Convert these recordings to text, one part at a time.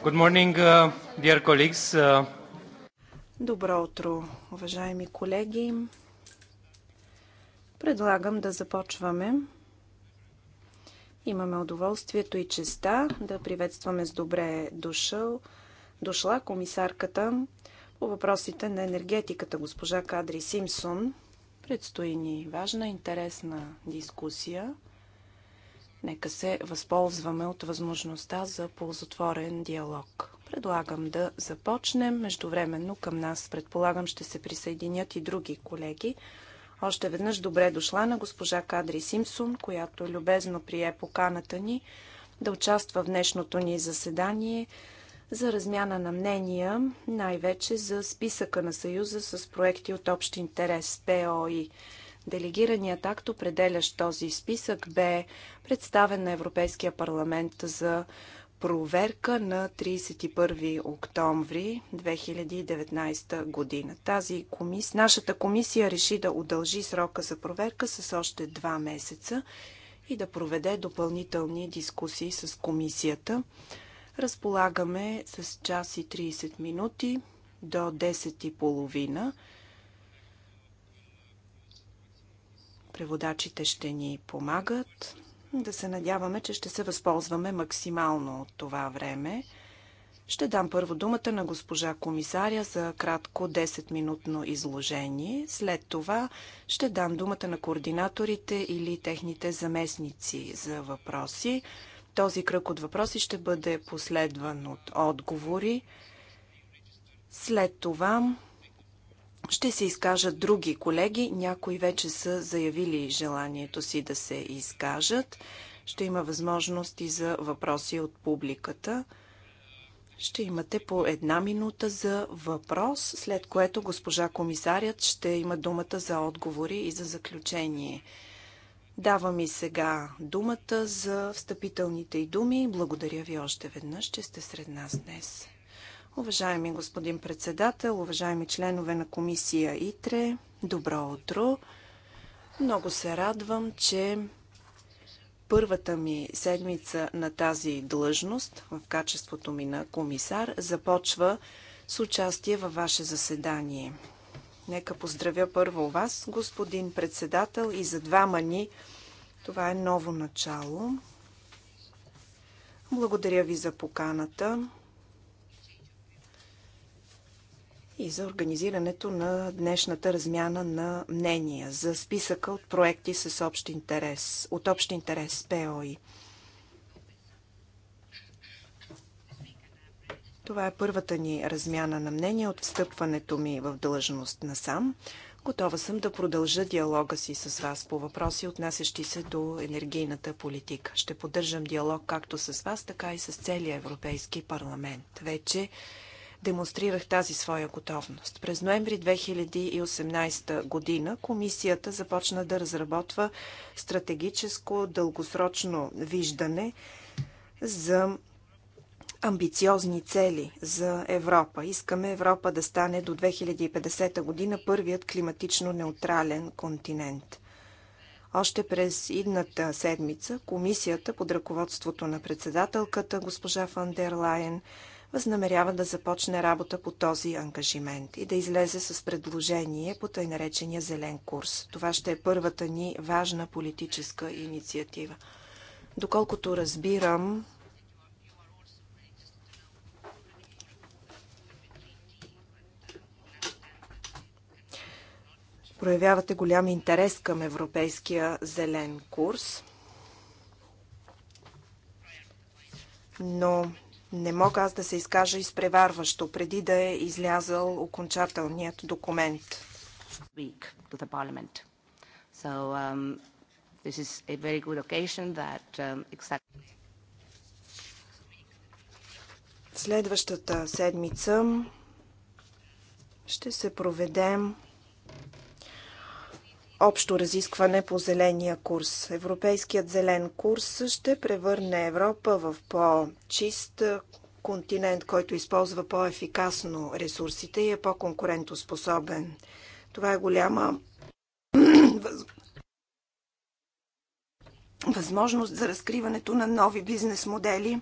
Good morning, uh, dear colleagues. Uh, Добро утро, уважаеми колеги. Предлагам да започваме. Имаме удоволствието и честа да приветстваме с добре дошъл, дошла комисарката по въпросите на енергетиката, госпожа Кадри Симсон. Предстои ни важна, интересна дискусия – Нека се възползваме от възможността за ползотворен диалог. Предлагам да започнем. Междувременно към нас, предполагам, ще се присъединят и други колеги. Още веднъж добре дошла на госпожа Кадри Симсон, която любезно прие поканата ни да участва в днешното ни заседание за размяна на мнения, най-вече за списъка на Съюза с проекти от общ интерес ПОИ. Делегираният акт, определящ този списък, бе представен на Европейския парламент за проверка на 31 октомври 2019 година. Тази комис... Нашата комисия реши да удължи срока за проверка с още два месеца и да проведе допълнителни дискусии с комисията. Разполагаме с час и 30 минути до 10.30 и Преводачите ще ни помагат. Да се надяваме, че ще се възползваме максимално от това време. Ще дам първо думата на госпожа комисаря за кратко 10-минутно изложение. След това ще дам думата на координаторите или техните заместници за въпроси. Този кръг от въпроси ще бъде последван от отговори. След това ще се изкажат други колеги. Някои вече са заявили желанието си да се изкажат. Ще има възможности за въпроси от публиката. Ще имате по една минута за въпрос, след което госпожа комисарят ще има думата за отговори и за заключение. Давам и сега думата за встъпителните й думи. Благодаря ви още веднъж, че сте сред нас днес. Уважаеми господин председател, уважаеми членове на комисия ИТРЕ, добро утро! Много се радвам, че първата ми седмица на тази длъжност в качеството ми на комисар започва с участие във ваше заседание. Нека поздравя първо вас, господин председател, и за двама ни. Това е ново начало. Благодаря ви за поканата. и за организирането на днешната размяна на мнения за списъка от проекти с общ интерес, от общ интерес ПОИ. Това е първата ни размяна на мнения от встъпването ми в длъжност на сам. Готова съм да продължа диалога си с вас по въпроси, отнасящи се до енергийната политика. Ще поддържам диалог както с вас, така и с целия Европейски парламент. Вече демонстрирах тази своя готовност. През ноември 2018 година комисията започна да разработва стратегическо дългосрочно виждане за амбициозни цели за Европа. Искаме Европа да стане до 2050 година първият климатично неутрален континент. Още през идната седмица комисията под ръководството на председателката госпожа Фандер Лайен възнамерява да започне работа по този ангажимент и да излезе с предложение по тъй наречения зелен курс. Това ще е първата ни важна политическа инициатива. Доколкото разбирам, проявявате голям интерес към Европейския зелен курс, но не мога аз да се изкажа изпреварващо, преди да е излязъл окончателният документ. Um, um, Следващата седмица ще се проведем общо разискване по зеления курс. Европейският зелен курс ще превърне Европа в по-чист континент, който използва по-ефикасно ресурсите и е по-конкурентоспособен. Това е голяма възможност за разкриването на нови бизнес модели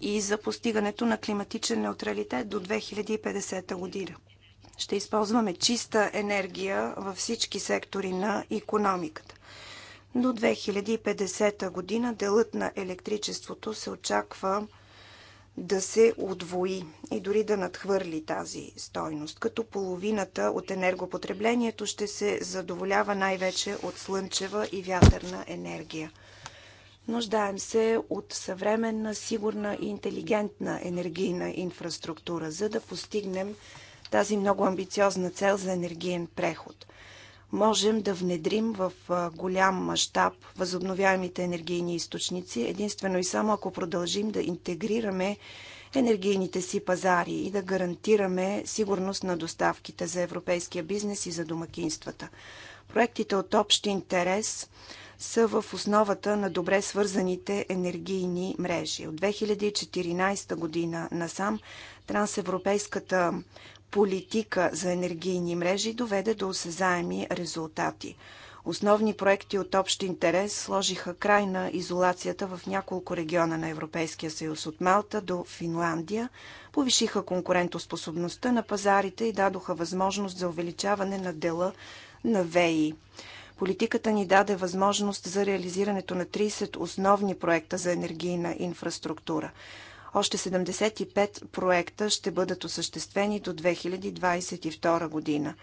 и за постигането на климатичен неутралитет до 2050 година. Ще използваме чиста енергия във всички сектори на економиката. До 2050 година делът на електричеството се очаква да се удвои и дори да надхвърли тази стойност, като половината от енергопотреблението ще се задоволява най-вече от слънчева и вятърна енергия. Нуждаем се от съвременна, сигурна и интелигентна енергийна инфраструктура, за да постигнем тази много амбициозна цел за енергиен преход. Можем да внедрим в голям мащаб възобновяемите енергийни източници, единствено и само ако продължим да интегрираме енергийните си пазари и да гарантираме сигурност на доставките за европейския бизнес и за домакинствата. Проектите от общ интерес са в основата на добре свързаните енергийни мрежи. От 2014 година насам трансевропейската политика за енергийни мрежи доведе до осезаеми резултати. Основни проекти от общ интерес сложиха край на изолацията в няколко региона на Европейския съюз от Малта до Финландия, повишиха конкурентоспособността на пазарите и дадоха възможност за увеличаване на дела на ВЕИ. Политиката ни даде възможност за реализирането на 30 основни проекта за енергийна инфраструктура. Още 75 проекта ще бъдат осъществени до 2022 година.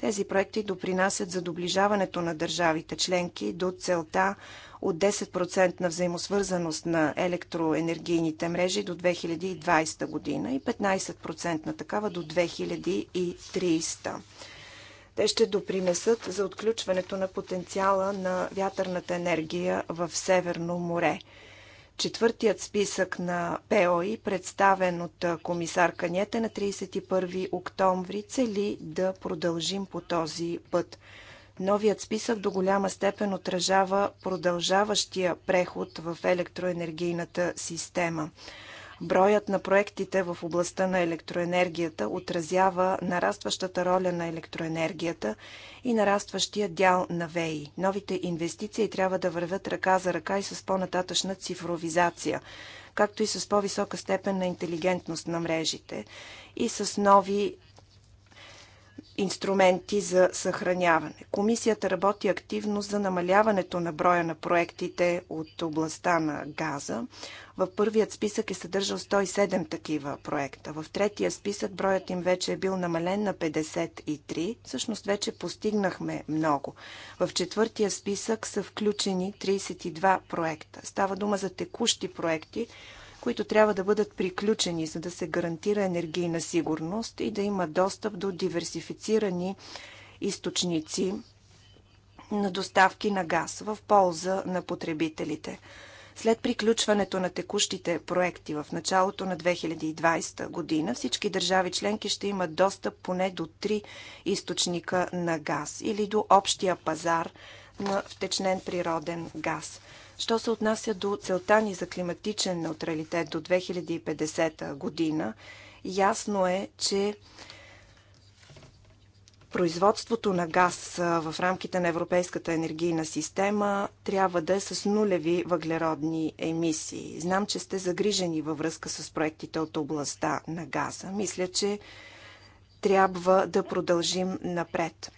Тези проекти допринасят за доближаването на държавите членки до целта от 10% на взаимосвързаност на електроенергийните мрежи до 2020 година и 15% на такава до 2030. Те ще допринесат за отключването на потенциала на вятърната енергия в Северно море. Четвъртият списък на ПОИ, представен от комисар Каньете на 31 октомври, цели да продължим по този път. Новият списък до голяма степен отражава продължаващия преход в електроенергийната система. Броят на проектите в областта на електроенергията отразява нарастващата роля на електроенергията и нарастващия дял на ВЕИ. Новите инвестиции трябва да вървят ръка за ръка и с по-нататъчна цифровизация, както и с по-висока степен на интелигентност на мрежите и с нови инструменти за съхраняване. Комисията работи активно за намаляването на броя на проектите от областта на газа. В първият списък е съдържал 107 такива проекта. В третия списък броят им вече е бил намален на 53. Всъщност вече постигнахме много. В четвъртия списък са включени 32 проекта. Става дума за текущи проекти, които трябва да бъдат приключени, за да се гарантира енергийна сигурност и да има достъп до диверсифицирани източници на доставки на газ в полза на потребителите. След приключването на текущите проекти в началото на 2020 година, всички държави членки ще имат достъп поне до три източника на газ или до общия пазар на втечнен природен газ. Що се отнася до целта ни за климатичен неутралитет до 2050 година, ясно е, че производството на газ в рамките на Европейската енергийна система трябва да е с нулеви въглеродни емисии. Знам, че сте загрижени във връзка с проектите от областта на газа. Мисля, че трябва да продължим напред.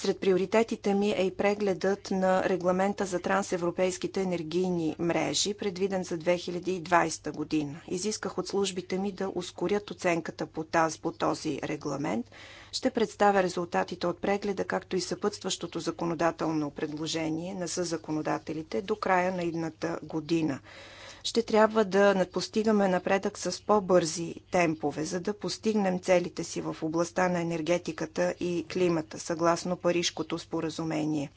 Сред приоритетите ми е и прегледът на регламента за трансевропейските енергийни мрежи, предвиден за 2020 година. Изисках от службите ми да ускорят оценката по, таз, по този регламент. Ще представя резултатите от прегледа, както и съпътстващото законодателно предложение на съзаконодателите до края на едната година ще трябва да постигаме напредък с по-бързи темпове, за да постигнем целите си в областта на енергетиката и климата, съгласно Парижкото споразумение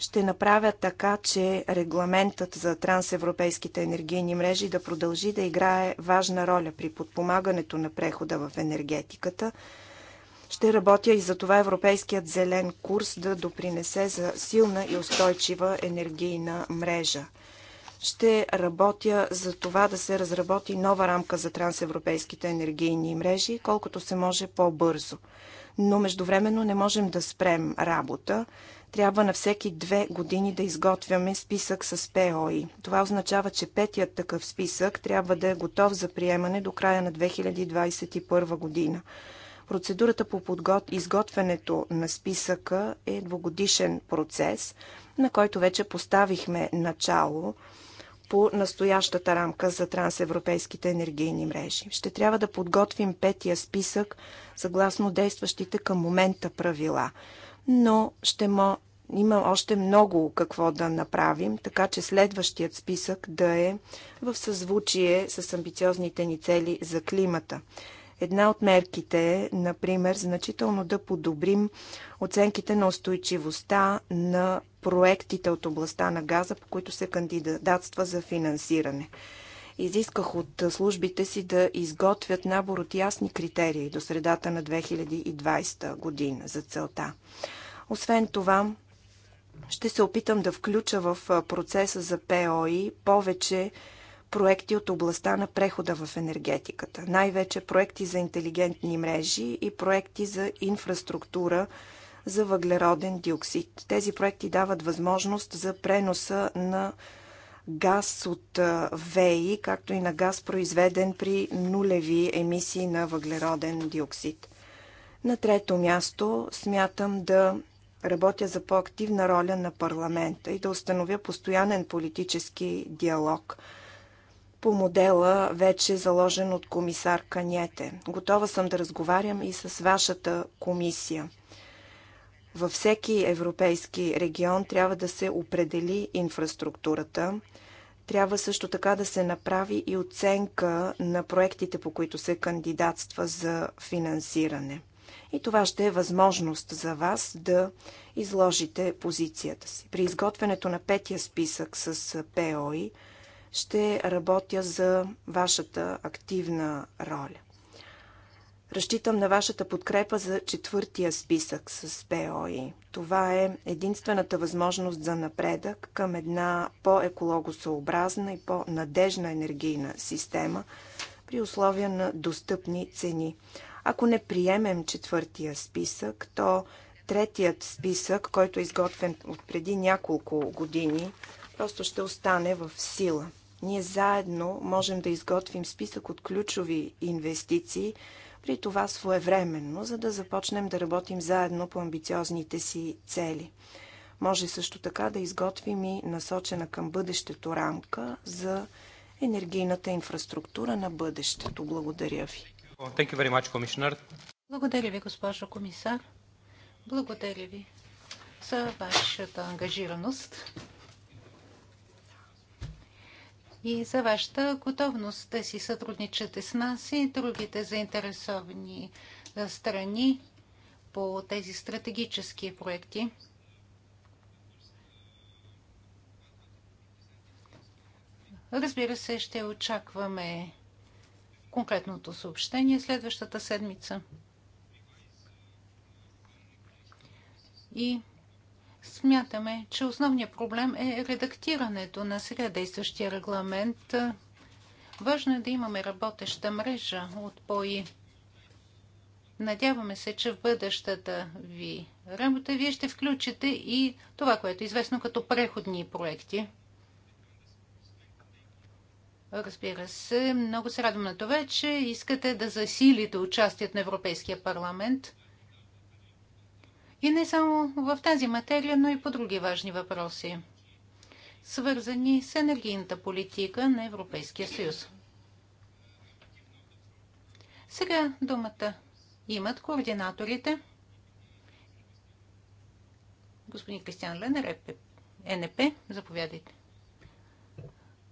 ще направя така, че регламентът за трансевропейските енергийни мрежи да продължи да играе важна роля при подпомагането на прехода в енергетиката. Ще работя и за това Европейският зелен курс да допринесе за силна и устойчива енергийна мрежа ще работя за това да се разработи нова рамка за трансевропейските енергийни мрежи, колкото се може по-бързо. Но междувременно не можем да спрем работа. Трябва на всеки две години да изготвяме списък с ПОИ. Това означава, че петият такъв списък трябва да е готов за приемане до края на 2021 година. Процедурата по подгот... изготвянето на списъка е двогодишен процес, на който вече поставихме начало по настоящата рамка за трансевропейските енергийни мрежи. Ще трябва да подготвим петия списък съгласно действащите към момента правила. Но ще мо... има още много какво да направим, така че следващият списък да е в съзвучие с амбициозните ни цели за климата. Една от мерките е, например, значително да подобрим оценките на устойчивостта на проектите от областта на газа, по които се кандидатства за финансиране. Изисках от службите си да изготвят набор от ясни критерии до средата на 2020 година за целта. Освен това, ще се опитам да включа в процеса за ПОИ повече проекти от областта на прехода в енергетиката. Най-вече проекти за интелигентни мрежи и проекти за инфраструктура за въглероден диоксид. Тези проекти дават възможност за преноса на газ от ВЕИ, както и на газ, произведен при нулеви емисии на въглероден диоксид. На трето място смятам да работя за по-активна роля на парламента и да установя постоянен политически диалог – по модела, вече заложен от комисар Каняте. Готова съм да разговарям и с вашата комисия. Във всеки европейски регион трябва да се определи инфраструктурата. Трябва също така да се направи и оценка на проектите, по които се кандидатства за финансиране. И това ще е възможност за вас да изложите позицията си. При изготвянето на петия списък с ПОИ – ще работя за вашата активна роля. Разчитам на вашата подкрепа за четвъртия списък с ПОИ. Това е единствената възможност за напредък към една по-екологосъобразна и по-надежна енергийна система при условия на достъпни цени. Ако не приемем четвъртия списък, то третият списък, който е изготвен от преди няколко години, просто ще остане в сила – ние заедно можем да изготвим списък от ключови инвестиции, при това своевременно, за да започнем да работим заедно по амбициозните си цели. Може също така да изготвим и насочена към бъдещето рамка за енергийната инфраструктура на бъдещето. Благодаря ви. Much, Благодаря ви, госпожо комисар. Благодаря ви за вашата ангажираност и за вашата готовност да си сътрудничате с нас и другите заинтересовани страни по тези стратегически проекти. Разбира се, ще очакваме конкретното съобщение следващата седмица. И Смятаме, че основният проблем е редактирането на сега действащия регламент. Важно е да имаме работеща мрежа от ПОИ. Надяваме се, че в бъдещата ви работа вие ще включите и това, което е известно като преходни проекти. Разбира се, много се радвам на това, че искате да засилите участието на Европейския парламент – и не само в тази материя, но и по други важни въпроси, свързани с енергийната политика на Европейския съюз. Сега думата имат координаторите. Господин Кристиан Ленер, е НП, заповядайте.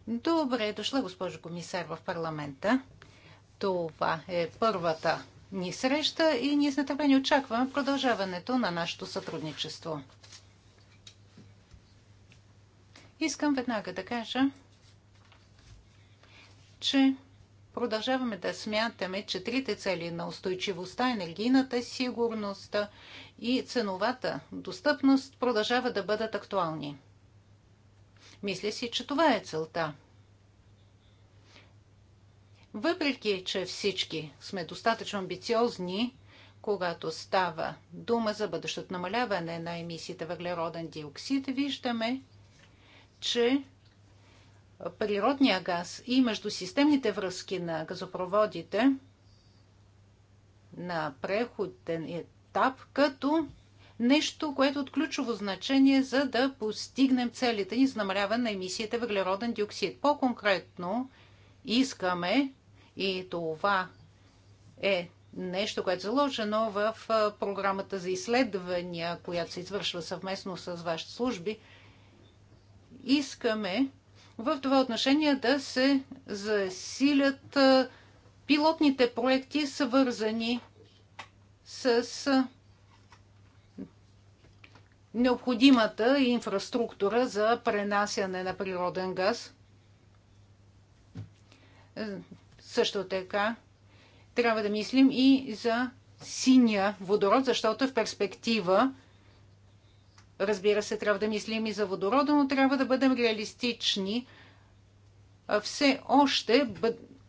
Добре дошла, госпожо комисар, в парламента. Това е първата ни среща и ние с нетърпение очакваме продължаването на нашето сътрудничество. Искам веднага да кажа, че продължаваме да смятаме, че трите цели на устойчивостта, енергийната сигурност и ценовата достъпност продължават да бъдат актуални. Мисля си, че това е целта – въпреки, че всички сме достатъчно амбициозни, когато става дума за бъдещото намаляване на емисиите въглероден диоксид, виждаме, че природния газ и междусистемните връзки на газопроводите на преходен етап като нещо, което е от ключово значение за да постигнем целите ни за намаляване на емисиите въглероден диоксид. По-конкретно искаме и това е нещо, което е заложено в програмата за изследвания, която се извършва съвместно с вашите служби. Искаме в това отношение да се засилят пилотните проекти, свързани с необходимата инфраструктура за пренасяне на природен газ. Също така трябва да мислим и за синия водород, защото в перспектива Разбира се, трябва да мислим и за водорода, но трябва да бъдем реалистични. Все още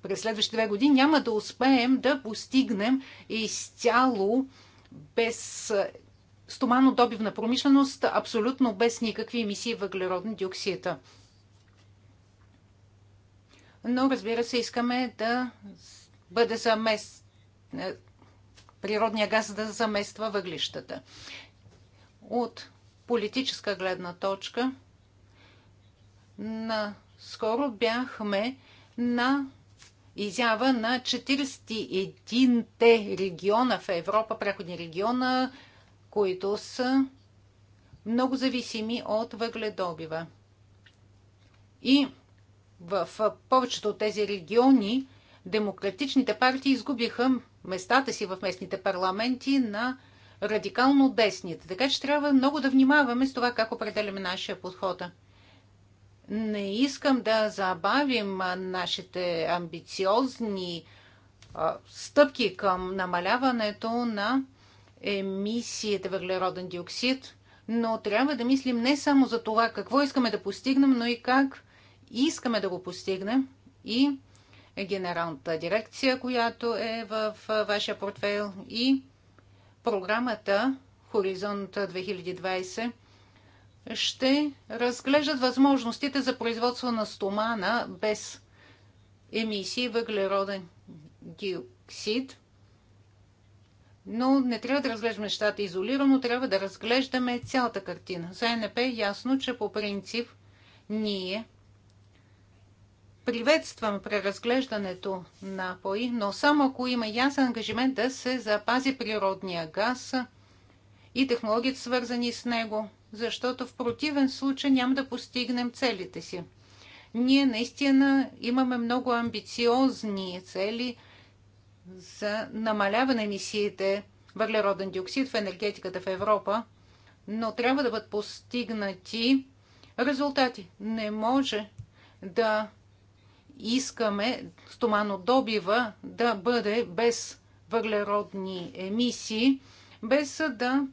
през следващите две години няма да успеем да постигнем изцяло без стоманодобивна промишленост, абсолютно без никакви емисии въглеродни диоксида но разбира се, искаме да бъде замест... Е, природния газ да замества въглищата. От политическа гледна точка, наскоро бяхме на изява на 41-те региона в Европа, преходни региона, които са много зависими от въгледобива. И в повечето от тези региони демократичните партии изгубиха местата си в местните парламенти на радикално десните. Така че трябва много да внимаваме с това как определяме нашия подход. Не искам да забавим нашите амбициозни стъпки към намаляването на емисиите въглероден диоксид, но трябва да мислим не само за това какво искаме да постигнем, но и как и Искаме да го постигнем и генералната дирекция, която е в вашия портфейл и програмата Хоризонт 2020 ще разглеждат възможностите за производство на стомана без емисии въглероден диоксид. Но не трябва да разглеждаме нещата изолирано, трябва да разглеждаме цялата картина. За НП е ясно, че по принцип ние приветствам преразглеждането на ПОИ, но само ако има ясен ангажимент да се запази природния газ и технологията, свързани с него, защото в противен случай няма да постигнем целите си. Ние наистина имаме много амбициозни цели за намаляване емисиите въглероден диоксид в енергетиката в Европа, но трябва да бъдат постигнати резултати. Не може да искаме стоманодобива да бъде без въглеродни емисии, без да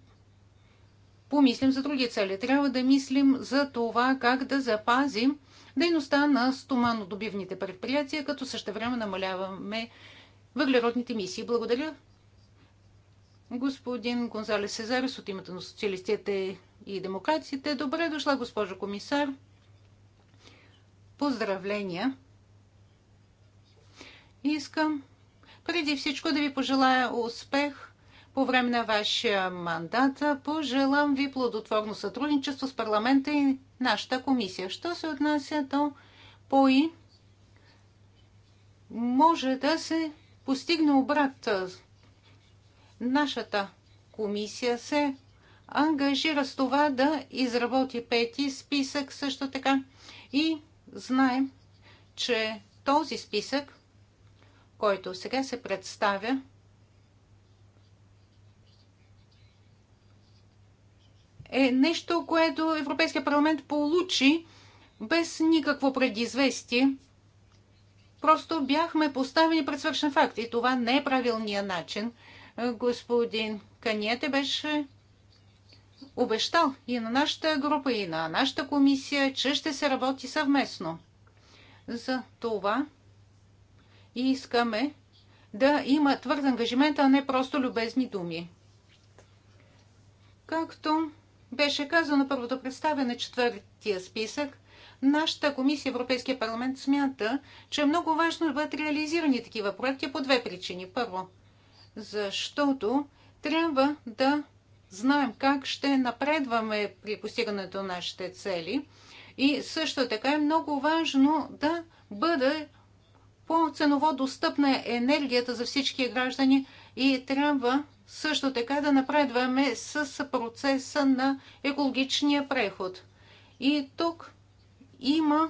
помислим за други цели. Трябва да мислим за това как да запазим дейността на стоманодобивните предприятия, като време намаляваме въглеродните емисии. Благодаря. Господин Гонзалес Сезарес от името на социалистите и демократите. Добре дошла, госпожо комисар. Поздравления Искам преди всичко да ви пожелая успех по време на вашия мандат. Пожелам ви плодотворно сътрудничество с парламента и нашата комисия. Що се отнася до ПОИ, може да се постигне обрат. Нашата комисия се ангажира с това да изработи пети списък също така. И знаем, че този списък който сега се представя, е нещо, което Европейския парламент получи без никакво предизвестие. Просто бяхме поставени пред свършен факт и това не е правилния начин. Господин Каниете беше обещал и на нашата група, и на нашата комисия, че ще се работи съвместно. За това и искаме да има твърд ангажимент, а не просто любезни думи. Както беше казано първото представяне, четвъртия списък, нашата комисия Европейския парламент смята, че е много важно да бъдат реализирани такива проекти по две причини. Първо, защото трябва да знаем как ще напредваме при постигането на нашите цели. И също така е много важно да бъде по-ценово достъпна е енергията за всички граждани и трябва също така да напредваме с процеса на екологичния преход. И тук има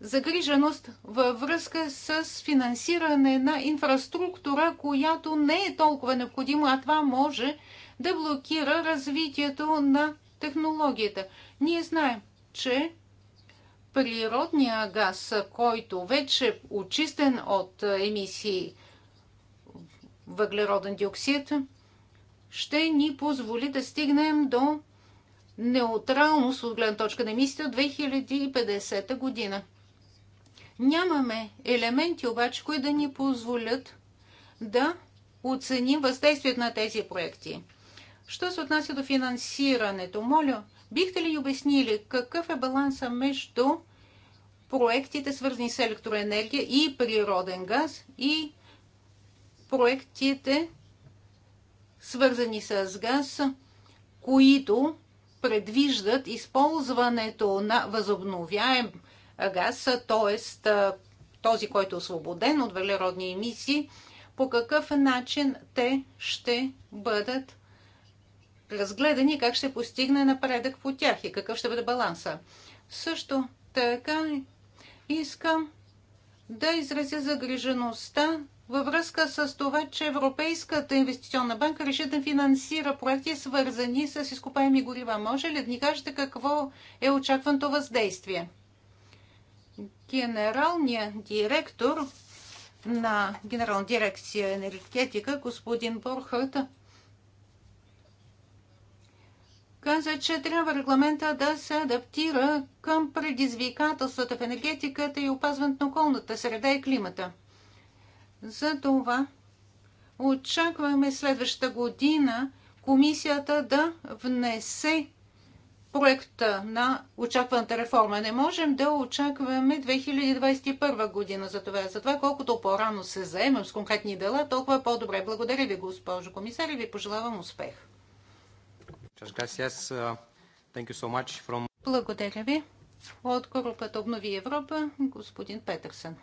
загриженост във връзка с финансиране на инфраструктура, която не е толкова необходима, а това може да блокира развитието на технологията. Ние знаем, че природния газ, който вече е очистен от емисии въглероден диоксид, ще ни позволи да стигнем до неутралност от гледна точка на емисиите от 2050 година. Нямаме елементи обаче, които да ни позволят да оценим въздействието на тези проекти. Що се отнася до финансирането, моля, бихте ли обяснили какъв е баланса между проектите свързани с електроенергия и природен газ и проектите свързани с газ, които предвиждат използването на възобновяем газ, т.е. този, който е освободен от въглеродни емисии, по какъв начин те ще бъдат разгледани, как ще постигне напредък по тях и какъв ще бъде баланса. Също така Искам да изразя загрижеността във връзка с това, че Европейската инвестиционна банка реши да финансира проекти, свързани с изкопаеми горива. Може ли да ни кажете какво е очакваното въздействие? Генералният директор на Генерална дирекция енергетика, господин Борхът, каза, че трябва регламента да се адаптира към предизвикателствата в енергетиката и опазването на околната среда и климата. За това очакваме следващата година комисията да внесе проекта на очакваната реформа. Не можем да очакваме 2021 година за това. Затова колкото по-рано се заемем с конкретни дела, толкова по-добре. Благодаря ви, госпожо комисар, и ви пожелавам успех. Uh, Благодаря ви. От групата Обнови Европа, господин Петърсън.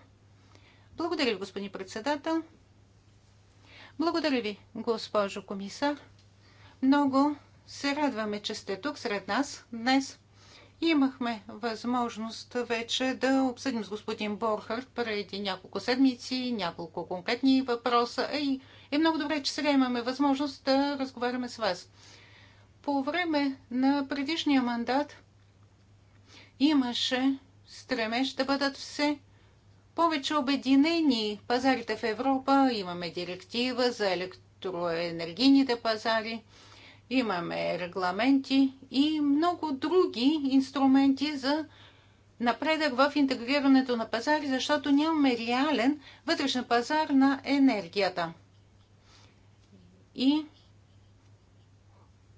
Благодаря ви, господин председател. Благодаря ви, госпожо комисар. Много се радваме, че сте тук сред нас днес. Имахме възможност вече да обсъдим с господин Борхард преди няколко седмици, няколко конкретни въпроса и е много добре, че сега имаме възможност да разговаряме с вас. По време на предишния мандат имаше стремеж да бъдат все повече обединени пазарите в Европа. Имаме директива за електроенергийните пазари, имаме регламенти и много други инструменти за напредък в интегрирането на пазари, защото нямаме реален вътрешен пазар на енергията. И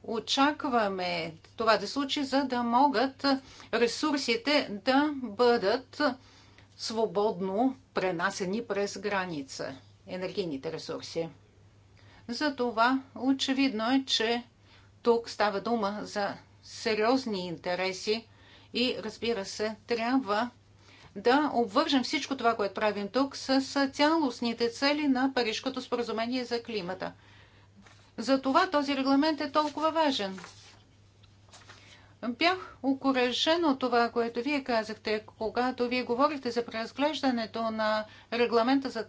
очакваме това да случи, за да могат ресурсите да бъдат свободно пренасени през граница, енергийните ресурси. Затова очевидно е, че тук става дума за сериозни интереси и разбира се, трябва да обвържем всичко това, което правим тук, с цялостните цели на Парижкото споразумение за климата – затова този регламент е толкова важен. Бях окоръжен от това, което вие казахте, когато вие говорите за преразглеждането на регламента за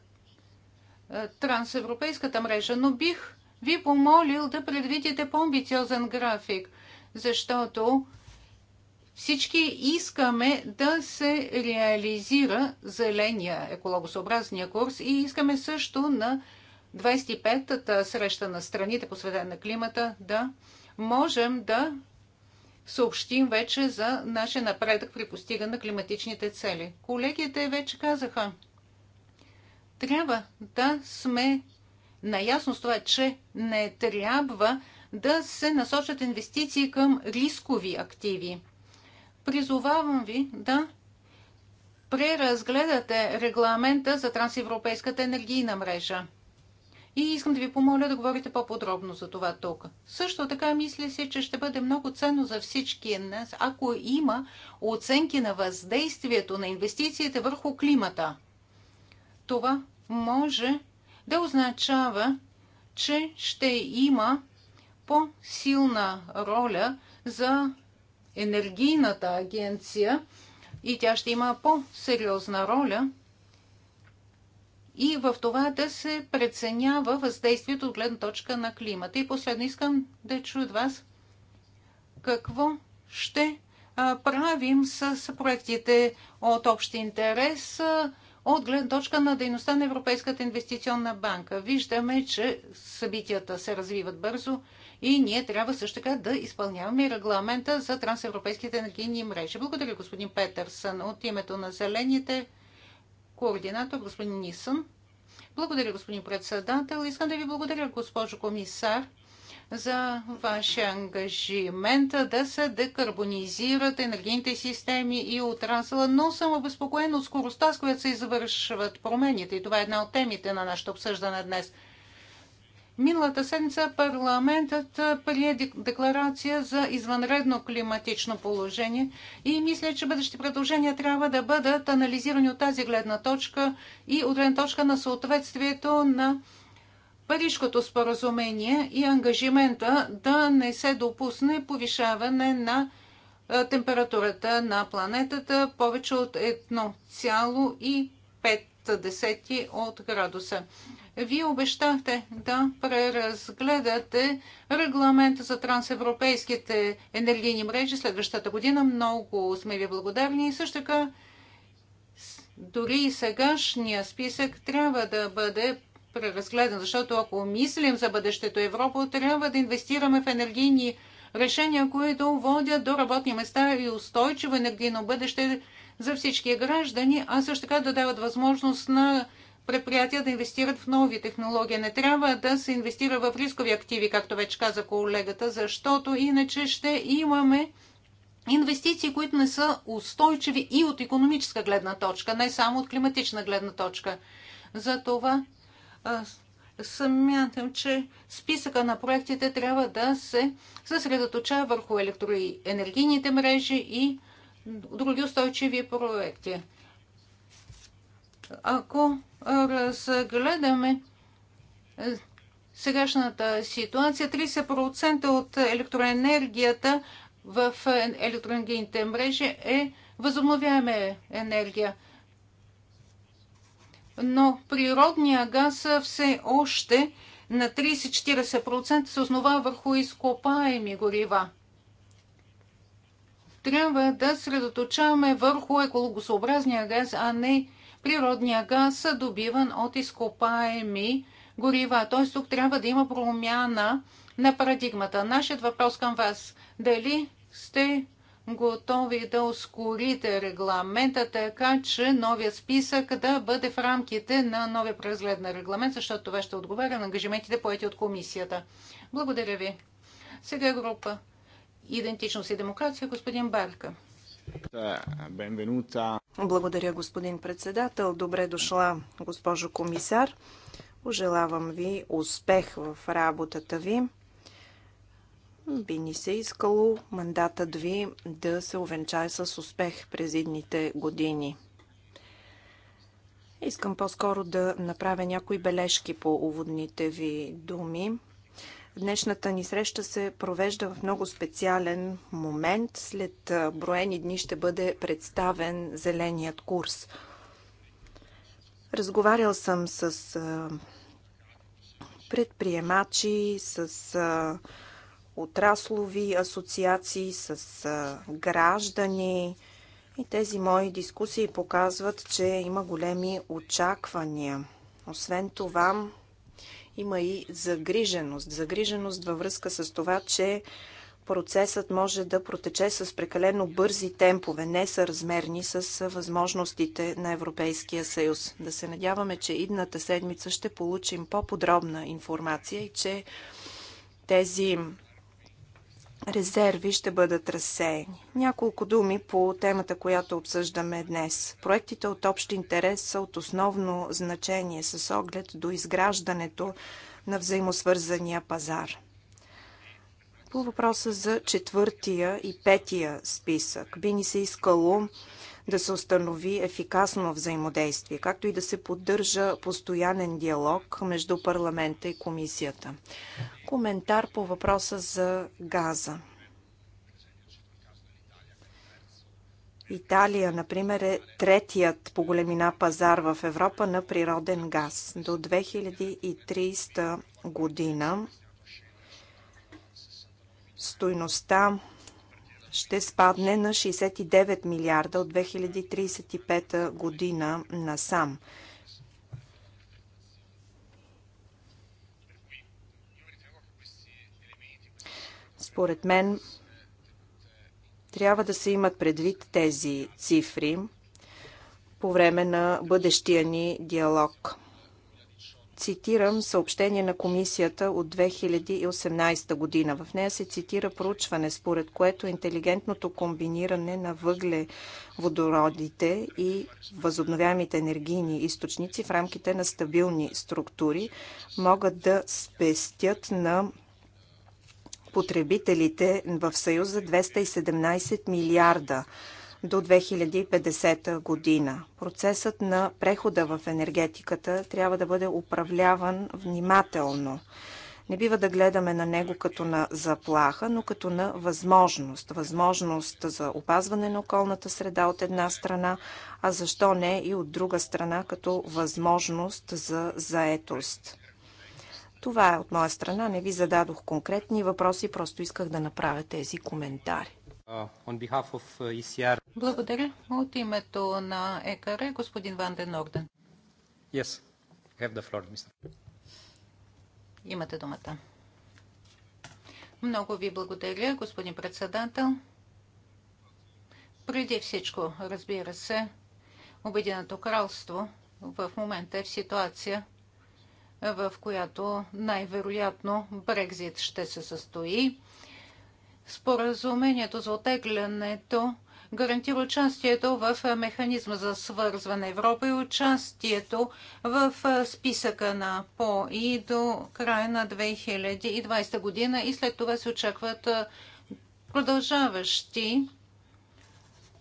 е, трансевропейската мрежа, но бих ви помолил да предвидите по-амбициозен график, защото всички искаме да се реализира зеления екологосъобразния курс и искаме също на 25-та среща на страните, по света на климата, да можем да съобщим вече за нашия напредък при постигане на климатичните цели. Колегите вече казаха, трябва да сме наясно с това, че не трябва да се насочат инвестиции към рискови активи. Призовавам ви да преразгледате регламента за трансевропейската енергийна мрежа – и искам да ви помоля да говорите по-подробно за това тук. Също така мисля си, че ще бъде много ценно за всички нас, ако има оценки на въздействието на инвестициите върху климата. Това може да означава, че ще има по-силна роля за енергийната агенция и тя ще има по-сериозна роля и в това да се преценява въздействието от гледна точка на климата. И последно искам да чуя от вас какво ще правим с проектите от общ интерес от гледна точка на дейността на Европейската инвестиционна банка. Виждаме, че събитията се развиват бързо и ние трябва също така да изпълняваме регламента за трансевропейските енергийни мрежи. Благодаря, господин Петърсън. От името на Зелените координатор господин Нисън. Благодаря, господин председател. Искам да ви благодаря, госпожо комисар, за вашия ангажимент да се декарбонизират енергийните системи и отрасъла, но съм обезпокоена от скоростта, с която се извършват промените. И това е една от темите на нашето обсъждане днес – Миналата седмица парламентът прие декларация за извънредно климатично положение и мисля, че бъдещи предложения трябва да бъдат анализирани от тази гледна точка и от гледна точка на съответствието на Парижкото споразумение и ангажимента да не се допусне повишаване на температурата на планетата повече от 1,5 от градуса. Вие обещахте да преразгледате регламента за трансевропейските енергийни мрежи следващата година. Много сме ви благодарни и също така дори и сегашния списък трябва да бъде преразгледан, защото ако мислим за бъдещето Европа, трябва да инвестираме в енергийни решения, които водят до работни места и устойчиво енергийно бъдеще за всички граждани, а също така да дават възможност на предприятия да инвестират в нови технологии. Не трябва да се инвестира в рискови активи, както вече каза колегата, защото иначе ще имаме инвестиции, които не са устойчиви и от економическа гледна точка, не само от климатична гледна точка. Затова Съмятам, че списъка на проектите трябва да се съсредоточава върху електроенергийните мрежи и други устойчиви проекти. Ако разгледаме е, сегашната ситуация, 30% от електроенергията в електроенергийните мрежи е възобновяема енергия. Но природния газ все още на 30-40% се основа върху изкопаеми горива. Трябва да средоточаваме върху екологосъобразния газ, а не природния газ, добиван от изкопаеми горива. Т.е. тук трябва да има промяна на парадигмата. Нашият въпрос към вас – дали сте готови да ускорите регламента, така че новия списък да бъде в рамките на новия преразглед на регламент, защото това ще отговаря на ангажиментите поети от комисията. Благодаря ви. Сега група Идентичност и демокрация, господин Барка. Бенвенута. Благодаря, господин председател. Добре дошла, госпожо комисар. Пожелавам ви успех в работата ви. Би ни се искало мандатът ви да се увенчае с успех през идните години. Искам по-скоро да направя някои бележки по уводните ви думи. Днешната ни среща се провежда в много специален момент. След броени дни ще бъде представен зеленият курс. Разговарял съм с предприемачи, с отраслови асоциации, с граждани. И тези мои дискусии показват, че има големи очаквания. Освен това, има и загриженост. Загриженост във връзка с това, че процесът може да протече с прекалено бързи темпове, не са размерни с възможностите на Европейския съюз. Да се надяваме, че идната седмица ще получим по-подробна информация и че тези резерви ще бъдат разсеяни. Няколко думи по темата, която обсъждаме днес. Проектите от общ интерес са от основно значение с оглед до изграждането на взаимосвързания пазар. По въпроса за четвъртия и петия списък би ни се искало да се установи ефикасно взаимодействие, както и да се поддържа постоянен диалог между парламента и комисията. Коментар по въпроса за газа. Италия, например, е третият по големина пазар в Европа на природен газ. До 2030 година стойността ще спадне на 69 милиарда от 2035 година насам. Според мен трябва да се имат предвид тези цифри по време на бъдещия ни диалог цитирам съобщение на комисията от 2018 година. В нея се цитира проучване, според което интелигентното комбиниране на въгле водородите и възобновяемите енергийни източници в рамките на стабилни структури могат да спестят на потребителите в Съюза 217 милиарда до 2050 година. Процесът на прехода в енергетиката трябва да бъде управляван внимателно. Не бива да гледаме на него като на заплаха, но като на възможност. Възможност за опазване на околната среда от една страна, а защо не и от друга страна като възможност за заетост. Това е от моя страна. Не ви зададох конкретни въпроси, просто исках да направя тези коментари. Uh, uh, e благодаря. От името на ЕКР, господин Ван Ден Орден. Yes. Have the floor, Mr. Имате думата. Много ви благодаря, господин председател. Преди всичко, разбира се, Обединеното кралство в момента е в ситуация, в която най-вероятно Брекзит ще се състои. Споразумението за отеглянето гарантира участието в механизма за свързване Европа и участието в списъка на ПО и до края на 2020 година и след това се очакват продължаващи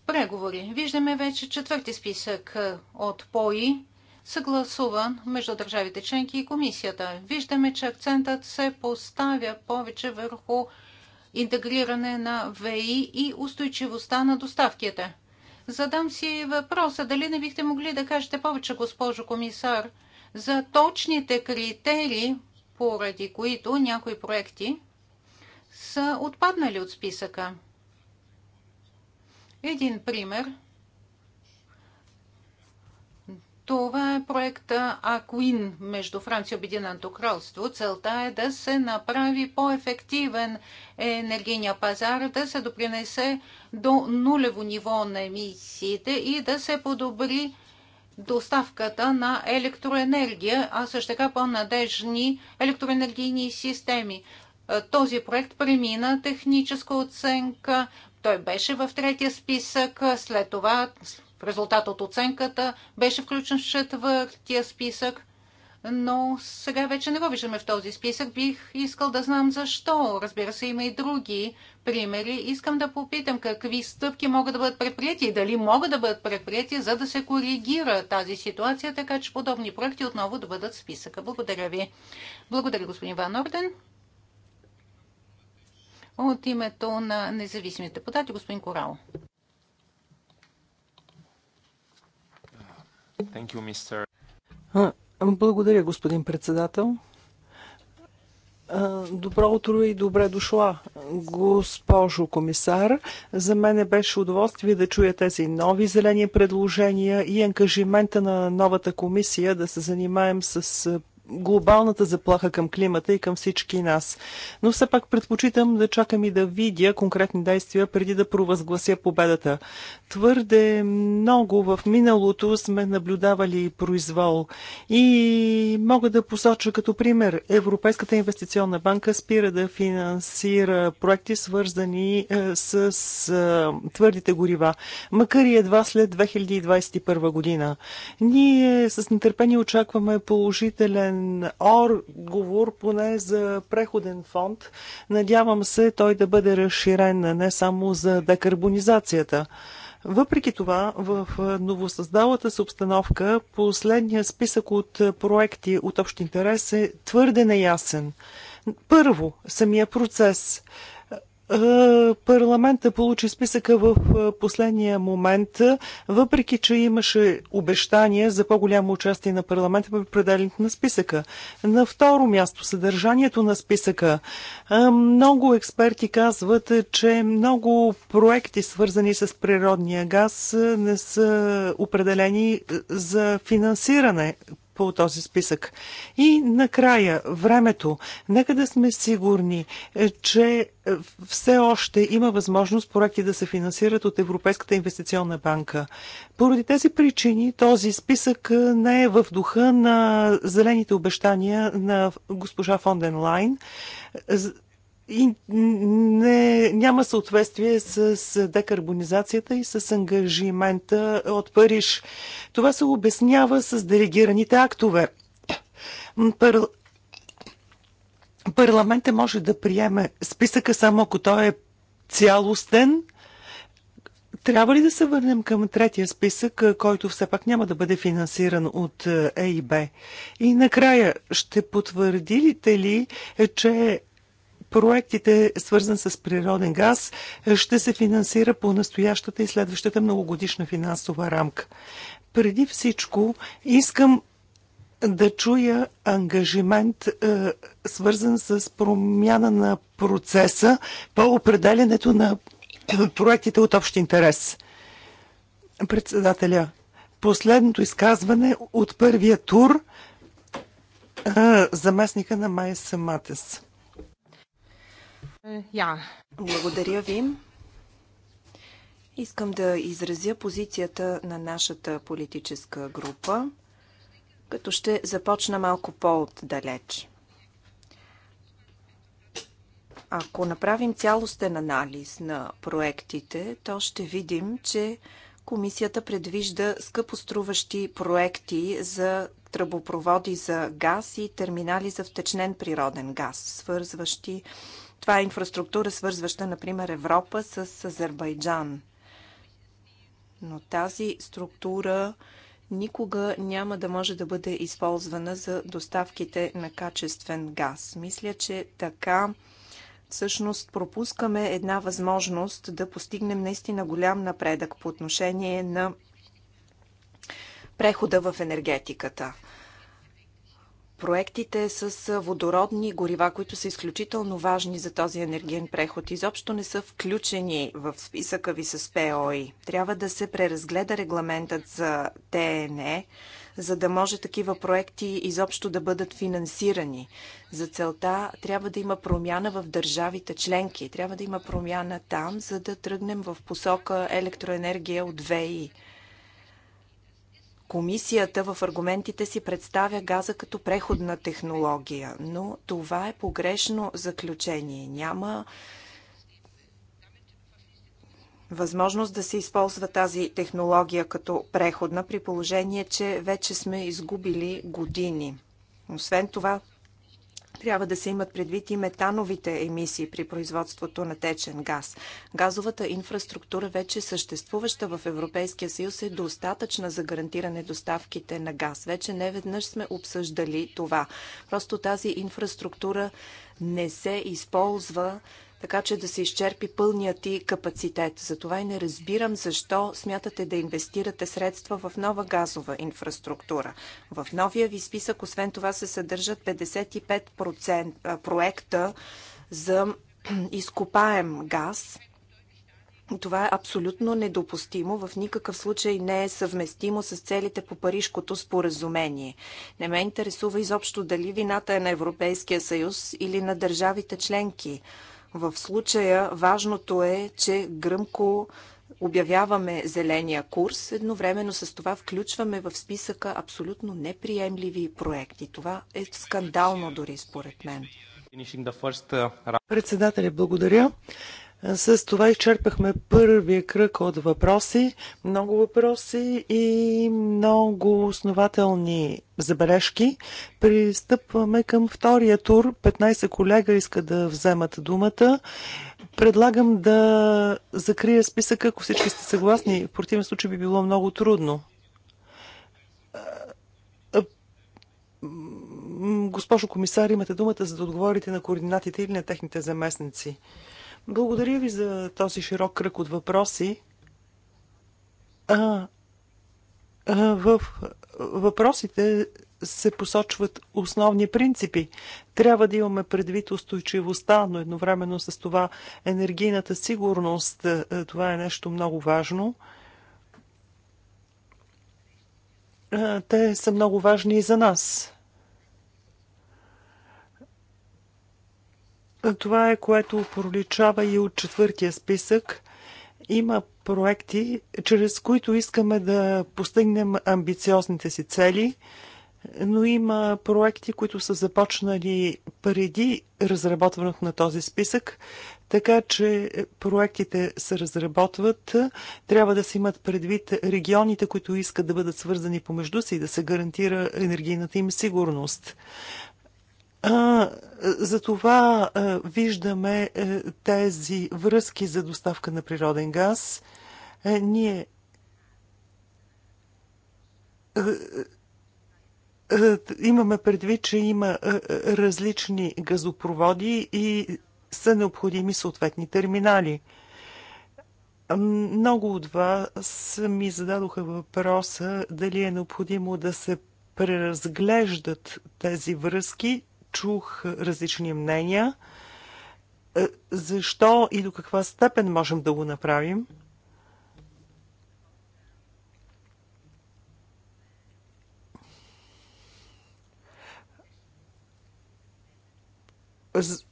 преговори. Виждаме вече четвърти списък от ПОИ, съгласуван между държавите членки и комисията. Виждаме, че акцентът се поставя повече върху интегриране на ВИ и устойчивостта на доставките. Задам си въпроса, дали не бихте могли да кажете повече, госпожо комисар, за точните критерии, поради които някои проекти са отпаднали от списъка. Един пример – това е проекта АКУИН между Франция и Обединеното кралство. Целта е да се направи по-ефективен енергийния пазар, да се допринесе до нулево ниво на емисиите и да се подобри доставката на електроенергия, а също така по-надежни електроенергийни системи. Този проект премина техническа оценка, той беше в третия списък, след това в резултат от оценката, беше включен в четвъртия списък, но сега вече не го виждаме в този списък. Бих искал да знам защо. Разбира се, има и други примери. Искам да попитам какви стъпки могат да бъдат предприяти и дали могат да бъдат предприяти, за да се коригира тази ситуация, така че подобни проекти отново да бъдат в списъка. Благодаря ви. Благодаря, господин Ван Орден. От името на независимите депутати, господин Корал. Thank you, mister. Благодаря, господин председател. Добро утро и добре дошла, госпожо комисар. За мене беше удоволствие да чуя тези нови зелени предложения и ангажимента на новата комисия да се занимаем с глобалната заплаха към климата и към всички нас. Но все пак предпочитам да чакам и да видя конкретни действия преди да провъзглася победата. Твърде много в миналото сме наблюдавали произвол и мога да посоча като пример Европейската инвестиционна банка спира да финансира проекти свързани е, с е, твърдите горива, макар и едва след 2021 година. Ние с нетърпение очакваме положителен писмен отговор, поне за преходен фонд. Надявам се той да бъде разширен не само за декарбонизацията. Въпреки това, в новосъздалата се обстановка, последния списък от проекти от общ интерес е твърде неясен. Първо, самия процес – е, парламента получи списъка в е, последния момент, въпреки че имаше обещания за по-голямо участие на парламента при определенето на списъка. На второ място, съдържанието на списъка. Е, много експерти казват, че много проекти, свързани с природния газ, не са определени за финансиране по този списък. И накрая, времето. Нека да сме сигурни, е, че е, все още има възможност проекти да се финансират от Европейската инвестиционна банка. Поради тези причини този списък е, не е в духа на зелените обещания на госпожа Фонденлайн и не, няма съответствие с декарбонизацията и с ангажимента от Париж. Това се обяснява с делегираните актове. Пар... Парламентът може да приеме списъка само ако той е цялостен. Трябва ли да се върнем към третия списък, който все пак няма да бъде финансиран от ЕИБ? И накрая, ще потвърдите ли, е, че проектите, свързан с природен газ, ще се финансира по настоящата и следващата многогодишна финансова рамка. Преди всичко искам да чуя ангажимент, е, свързан с промяна на процеса по определенето на проектите от общ интерес. Председателя, последното изказване от първия тур е, заместника на Майя Саматес. Е, Благодаря ви. Искам да изразя позицията на нашата политическа група, като ще започна малко по-отдалеч. Ако направим цялостен анализ на проектите, то ще видим, че комисията предвижда скъпоструващи проекти за тръбопроводи за газ и терминали за втечнен природен газ, свързващи това е инфраструктура, свързваща, например, Европа с Азербайджан. Но тази структура никога няма да може да бъде използвана за доставките на качествен газ. Мисля, че така всъщност пропускаме една възможност да постигнем наистина голям напредък по отношение на прехода в енергетиката проектите с водородни горива, които са изключително важни за този енергиен преход, изобщо не са включени в списъка ви с ПОИ. Трябва да се преразгледа регламентът за ТНЕ, за да може такива проекти изобщо да бъдат финансирани. За целта трябва да има промяна в държавите членки. Трябва да има промяна там, за да тръгнем в посока електроенергия от ВИ. Комисията в аргументите си представя газа като преходна технология, но това е погрешно заключение. Няма възможност да се използва тази технология като преходна при положение, че вече сме изгубили години. Освен това, трябва да се имат предвид и метановите емисии при производството на течен газ. Газовата инфраструктура, вече съществуваща в Европейския съюз, е достатъчна за гарантиране доставките на газ. Вече не веднъж сме обсъждали това. Просто тази инфраструктура не се използва така че да се изчерпи пълният ти капацитет. Затова и не разбирам защо смятате да инвестирате средства в нова газова инфраструктура. В новия ви списък, освен това, се съдържат 55% проекта за изкопаем газ. Това е абсолютно недопустимо, в никакъв случай не е съвместимо с целите по Парижкото споразумение. Не ме интересува изобщо дали вината е на Европейския съюз или на държавите членки. В случая важното е, че гръмко обявяваме зеления курс, едновременно с това включваме в списъка абсолютно неприемливи проекти. Това е скандално дори според мен. Uh, Председателя, благодаря. С това изчерпахме първия кръг от въпроси. Много въпроси и много основателни забележки. Пристъпваме към втория тур. 15 колега иска да вземат думата. Предлагам да закрия списъка, ако всички сте съгласни. В противен случай би било много трудно. Госпожо комисар, имате думата, за да отговорите на координатите или на техните заместници. Благодаря ви за този широк кръг от въпроси. А, а, в въпросите се посочват основни принципи. Трябва да имаме предвид устойчивостта, но едновременно с това енергийната сигурност. Това е нещо много важно. Те са много важни и за нас. Това е което проличава и от четвъртия списък. Има проекти, чрез които искаме да постигнем амбициозните си цели, но има проекти, които са започнали преди разработването на този списък, така че проектите се разработват. Трябва да се имат предвид регионите, които искат да бъдат свързани помежду си и да се гарантира енергийната им сигурност. Затова виждаме е, тези връзки за доставка на природен газ. Е, ние е, имаме предвид, че има различни газопроводи и са необходими съответни терминали. Много от вас ми зададоха въпроса дали е необходимо да се преразглеждат тези връзки чух различни мнения. Е, защо и до каква степен можем да го направим? За,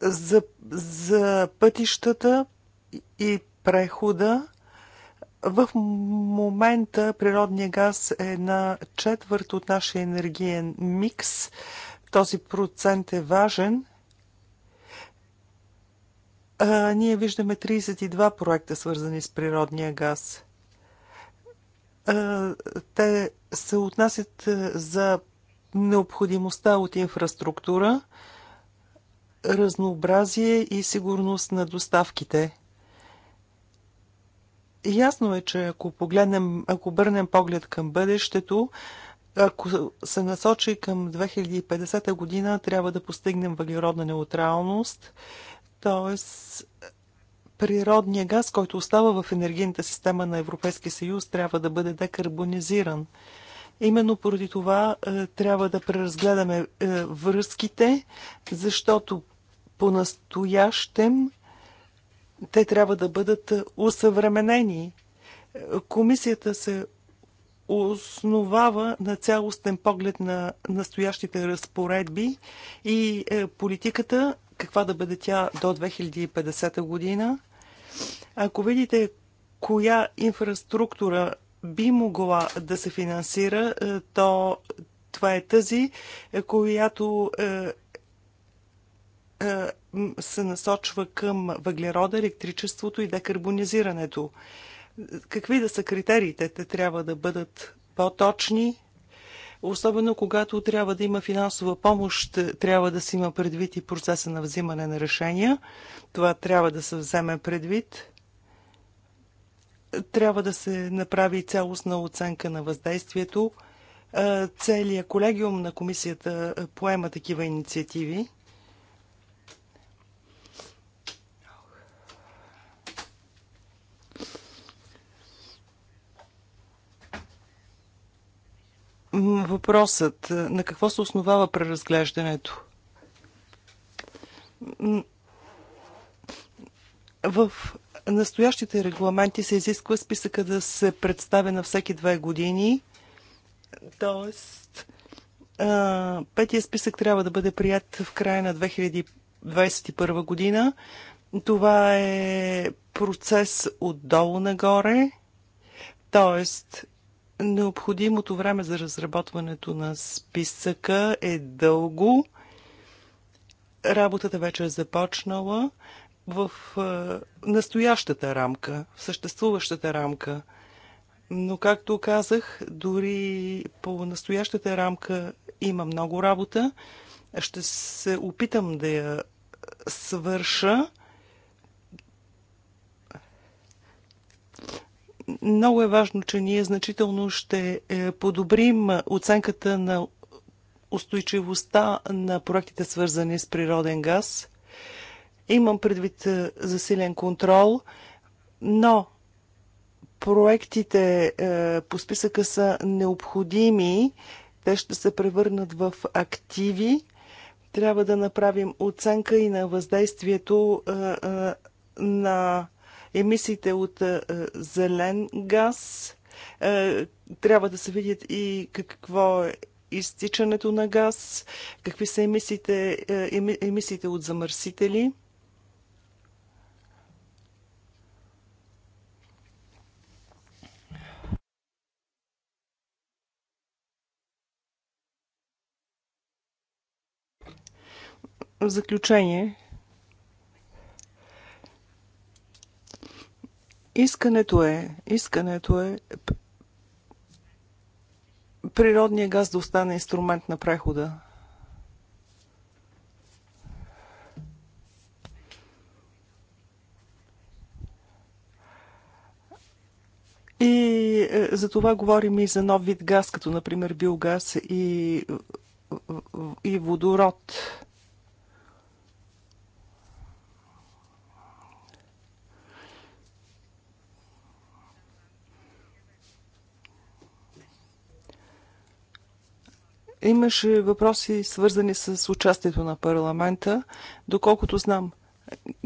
за, за пътищата и прехода в момента природния газ е на четвърт от нашия енергиен микс. Този процент е важен. А, ние виждаме 32 проекта, свързани с природния газ. А, те се отнасят за необходимостта от инфраструктура, разнообразие и сигурност на доставките. Ясно е, че ако погледнем, ако бърнем поглед към бъдещето, ако се насочи към 2050 година, трябва да постигнем въглеродна неутралност, т.е. природния газ, който остава в енергийната система на Европейския съюз, трябва да бъде декарбонизиран. Именно поради това е, трябва да преразгледаме е, връзките, защото по-настоящем те трябва да бъдат е, усъвременени. Е, комисията се основава на цялостен поглед на настоящите разпоредби и е, политиката, каква да бъде тя до 2050 година. Ако видите коя инфраструктура би могла да се финансира, то това е тази, която е, се насочва към въглерода, електричеството и декарбонизирането. Какви да са критериите? Те трябва да бъдат по-точни, особено когато трябва да има финансова помощ, трябва да се има предвид и процеса на взимане на решения. Това трябва да се вземе предвид. Трябва да се направи цялостна оценка на въздействието. Е, целият колегиум на комисията поема такива инициативи. Въпросът е, на какво се основава преразглеждането? В настоящите регламенти се изисква списъка да се представя на всеки две години, т.е. петия списък трябва да бъде прият в края на 2021 година. Това е процес отдолу нагоре, т.е. Необходимото време за разработването на списъка е дълго. Работата вече е започнала в е, настоящата рамка, в съществуващата рамка. Но, както казах, дори по настоящата рамка има много работа. Ще се опитам да я свърша Много е важно, че ние значително ще е, подобрим оценката на устойчивостта на проектите, свързани с природен газ. Имам предвид е, засилен контрол, но проектите е, по списъка са необходими. Те ще се превърнат в активи. Трябва да направим оценка и на въздействието на емисиите от е, е, зелен газ. Е, трябва да се видят и какво е изтичането на газ, какви са емисиите, емисиите от замърсители. В заключение, Искането е, искането е природния газ да остане инструмент на прехода. И е, за това говорим и за нов вид газ, като например биогаз и, и водород. Имаше въпроси свързани с участието на парламента. Доколкото знам,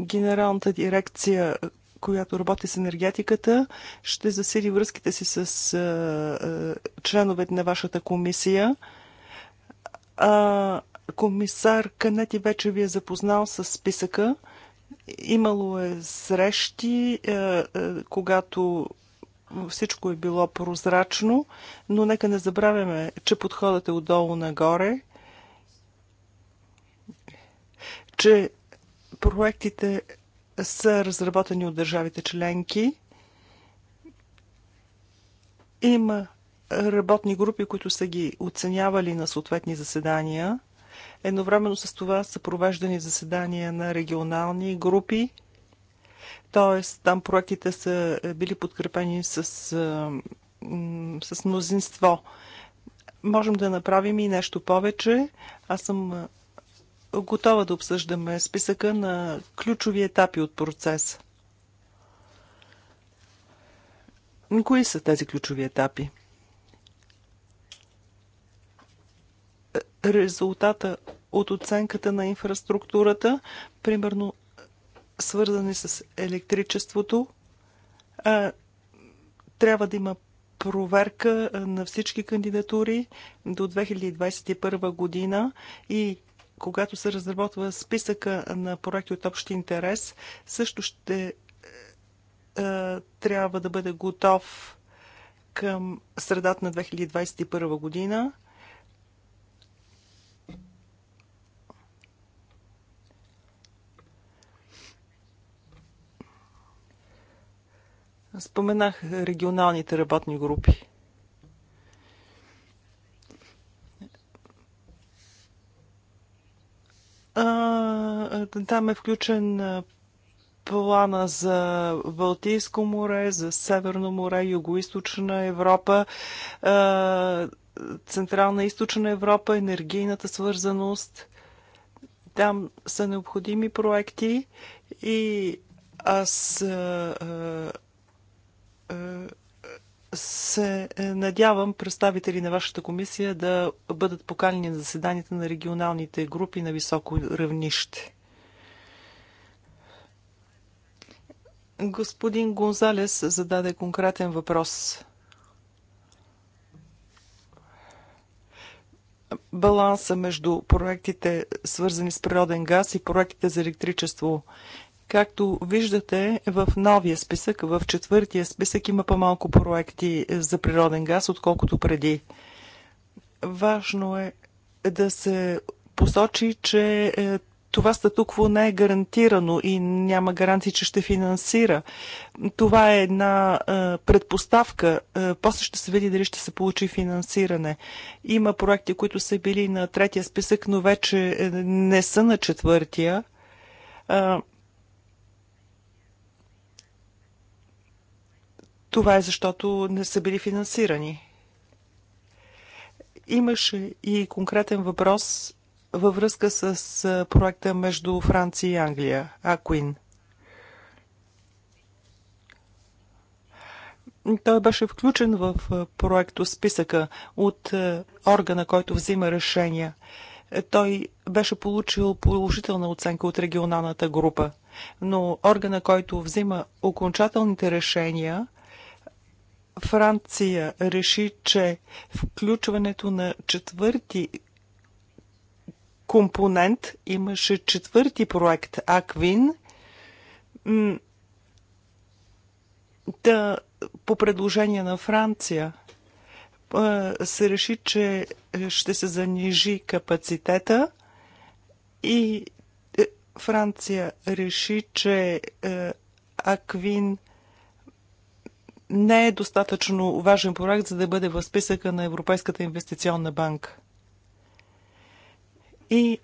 генералната дирекция, която работи с енергетиката, ще засили връзките си с а, а, членовете на вашата комисия. А, комисар Канети вече ви е запознал с списъка. Имало е срещи, а, а, когато всичко е било прозрачно, но нека не забравяме, че подходът е отдолу нагоре, че проектите са разработени от държавите членки. Има работни групи, които са ги оценявали на съответни заседания. Едновременно с това са провеждани заседания на регионални групи, Тоест, там проектите са е, били подкрепени с, е, с мнозинство. Можем да направим и нещо повече. Аз съм е, готова да обсъждаме списъка на ключови етапи от процес. Кои са тези ключови етапи? Резултата от оценката на инфраструктурата, примерно свързани с електричеството. Трябва да има проверка на всички кандидатури до 2021 година и когато се разработва списъка на проекти от общ интерес, също ще е, а, трябва да бъде готов към средата на 2021 година. Споменах регионалните работни групи. там е включен плана за Балтийско море, за Северно море, Юго-Источна Европа, Централна Източна Европа, енергийната свързаност. Там са необходими проекти и аз се е, надявам представители на вашата комисия да бъдат поканени на заседанията на регионалните групи на високо равнище. Господин Гонзалес зададе конкретен въпрос. Баланса между проектите свързани с природен газ и проектите за електричество. Както виждате, в новия списък, в четвъртия списък има по-малко проекти за природен газ, отколкото преди. Важно е да се посочи, че е, това статукво не е гарантирано и няма гаранции, че ще финансира. Това е една е, предпоставка. Е, после ще се види дали ще се получи финансиране. Има проекти, които са били на третия списък, но вече не са на четвъртия. Това е защото не са били финансирани. Имаше и конкретен въпрос във връзка с проекта между Франция и Англия, Акуин. Той беше включен в проекто списъка от органа, който взима решения. Е, той беше получил положителна оценка от регионалната група, но органа, който взима окончателните решения, Франция реши, че включването на четвърти компонент имаше четвърти проект Аквин. Да, по предложение на Франция се реши, че ще се занижи капацитета и е, Франция реши, че е, Аквин не е достатъчно важен проект, за да бъде в списъка на Европейската инвестиционна банка. И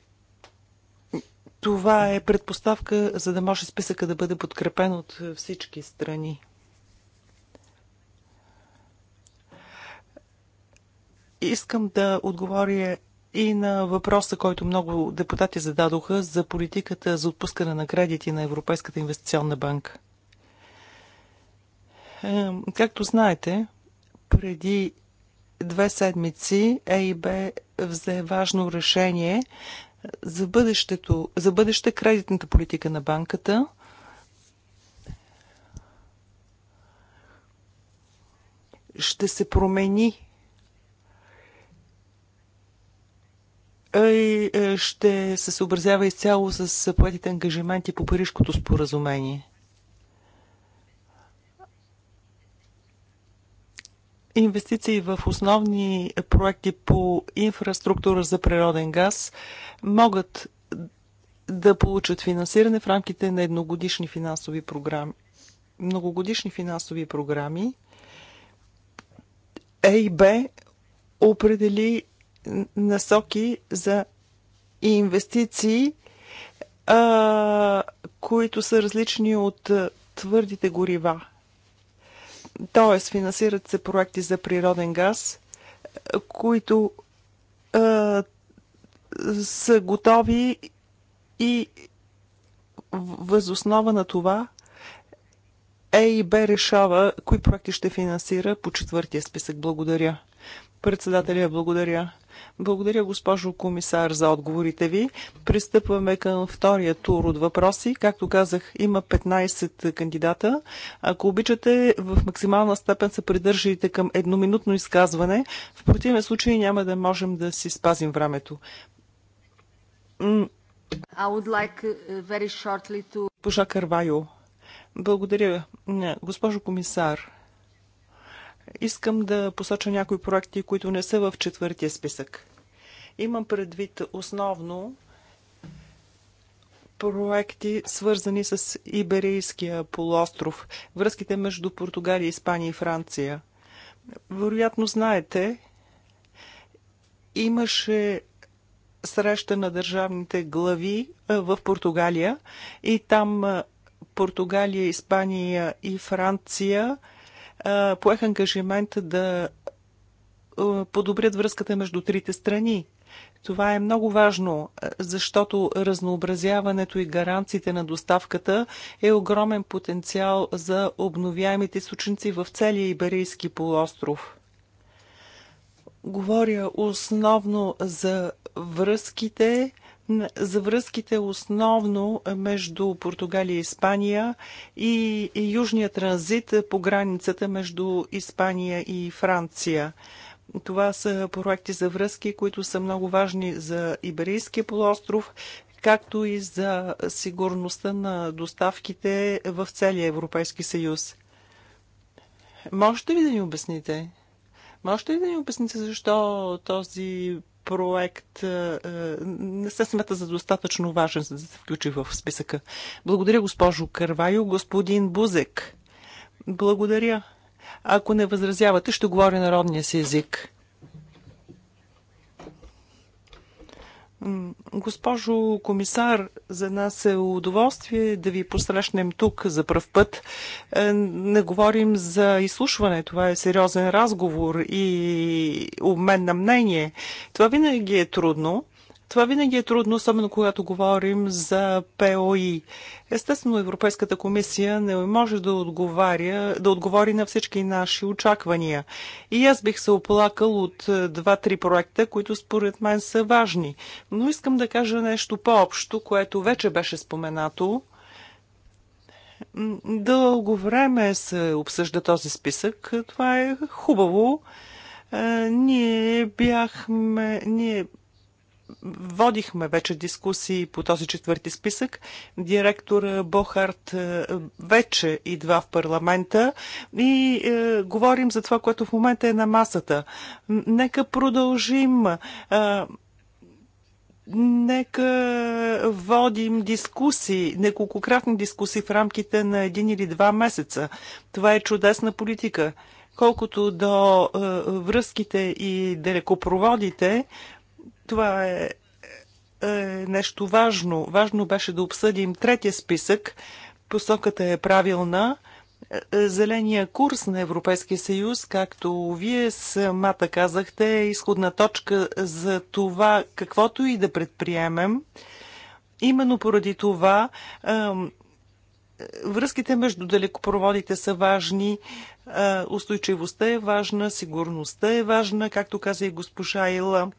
това е предпоставка, за да може списъка да бъде подкрепен от всички страни. Искам да отговоря и на въпроса, който много депутати зададоха за политиката за отпускане на кредити на Европейската инвестиционна банка. Както знаете, преди две седмици ЕИБ взе важно решение за, бъдещето, за бъдеща кредитната политика на банката. Ще се промени и е, е, ще се съобразява изцяло с поетите ангажименти по Парижкото споразумение. инвестиции в основни проекти по инфраструктура за природен газ могат да получат финансиране в рамките на едногодишни финансови програми. Многогодишни финансови програми е Б определи насоки за инвестиции, които са различни от твърдите горива т.е., финансират се проекти за природен газ, които е, са готови и възоснова на това Е и Б решава кои проекти ще финансира по четвъртия списък. Благодаря. Председателя, благодаря. Благодаря, госпожо комисар, за отговорите ви. Пристъпваме към втория тур от въпроси. Както казах, има 15 кандидата. Ако обичате, в максимална степен се придържайте към едноминутно изказване. В противен случай няма да можем да си спазим времето. I would like uh, very shortly to... Пожа Карвайо. Благодаря, госпожо комисар. Искам да посоча някои проекти, които не са в четвъртия списък. Имам предвид основно проекти, свързани с Иберийския полуостров, връзките между Португалия, Испания и Франция. Вероятно знаете, имаше среща на държавните глави в Португалия и там Португалия, Испания и Франция – поех ангажимента да подобрят връзката между трите страни. Това е много важно, защото разнообразяването и гаранциите на доставката е огромен потенциал за обновяемите източници в целия Иберийски полуостров. Говоря основно за връзките за връзките основно между Португалия и Испания и южния транзит по границата между Испания и Франция. Това са проекти за връзки, които са много важни за Иберийския полуостров, както и за сигурността на доставките в целия Европейски съюз. Можете ли да ни обясните? Можете ли да ни обясните защо този проект е, е, не се смята за достатъчно важен, за да се включи в списъка. Благодаря, госпожо Карвайо. Господин Бузек, благодаря. Ако не възразявате, ще говори народния си език. Госпожо комисар, за нас е удоволствие да ви посрещнем тук за пръв път. Е, не говорим за изслушване. Това е сериозен разговор и обмен на мнение. Това винаги е трудно. Това винаги е трудно, особено когато говорим за ПОИ. Естествено, Европейската комисия не може да, отговаря, да отговори на всички наши очаквания. И аз бих се оплакал от е, два-три проекта, които според мен са важни. Но искам да кажа нещо по-общо, което вече беше споменато. Дълго време се обсъжда този списък. Това е хубаво. Е, ние бяхме. Ние Водихме вече дискусии по този четвърти списък. Директор Бохарт е, вече идва в парламента и е, говорим за това, което в момента е на масата. Нека продължим. Е, Нека водим дискусии, неколкократни дискусии в рамките на един или два месеца. Това е чудесна политика. Колкото до е, връзките и далекопроводите, това е, е нещо важно. Важно беше да обсъдим третия списък. Посоката е правилна е, е, зеления курс на Европейския съюз, както вие самата казахте, е изходна точка за това, каквото и да предприемем. Именно поради това връзките между далекопроводите са важни, устойчивостта е важна, сигурността е важна, както каза и госпожа Ила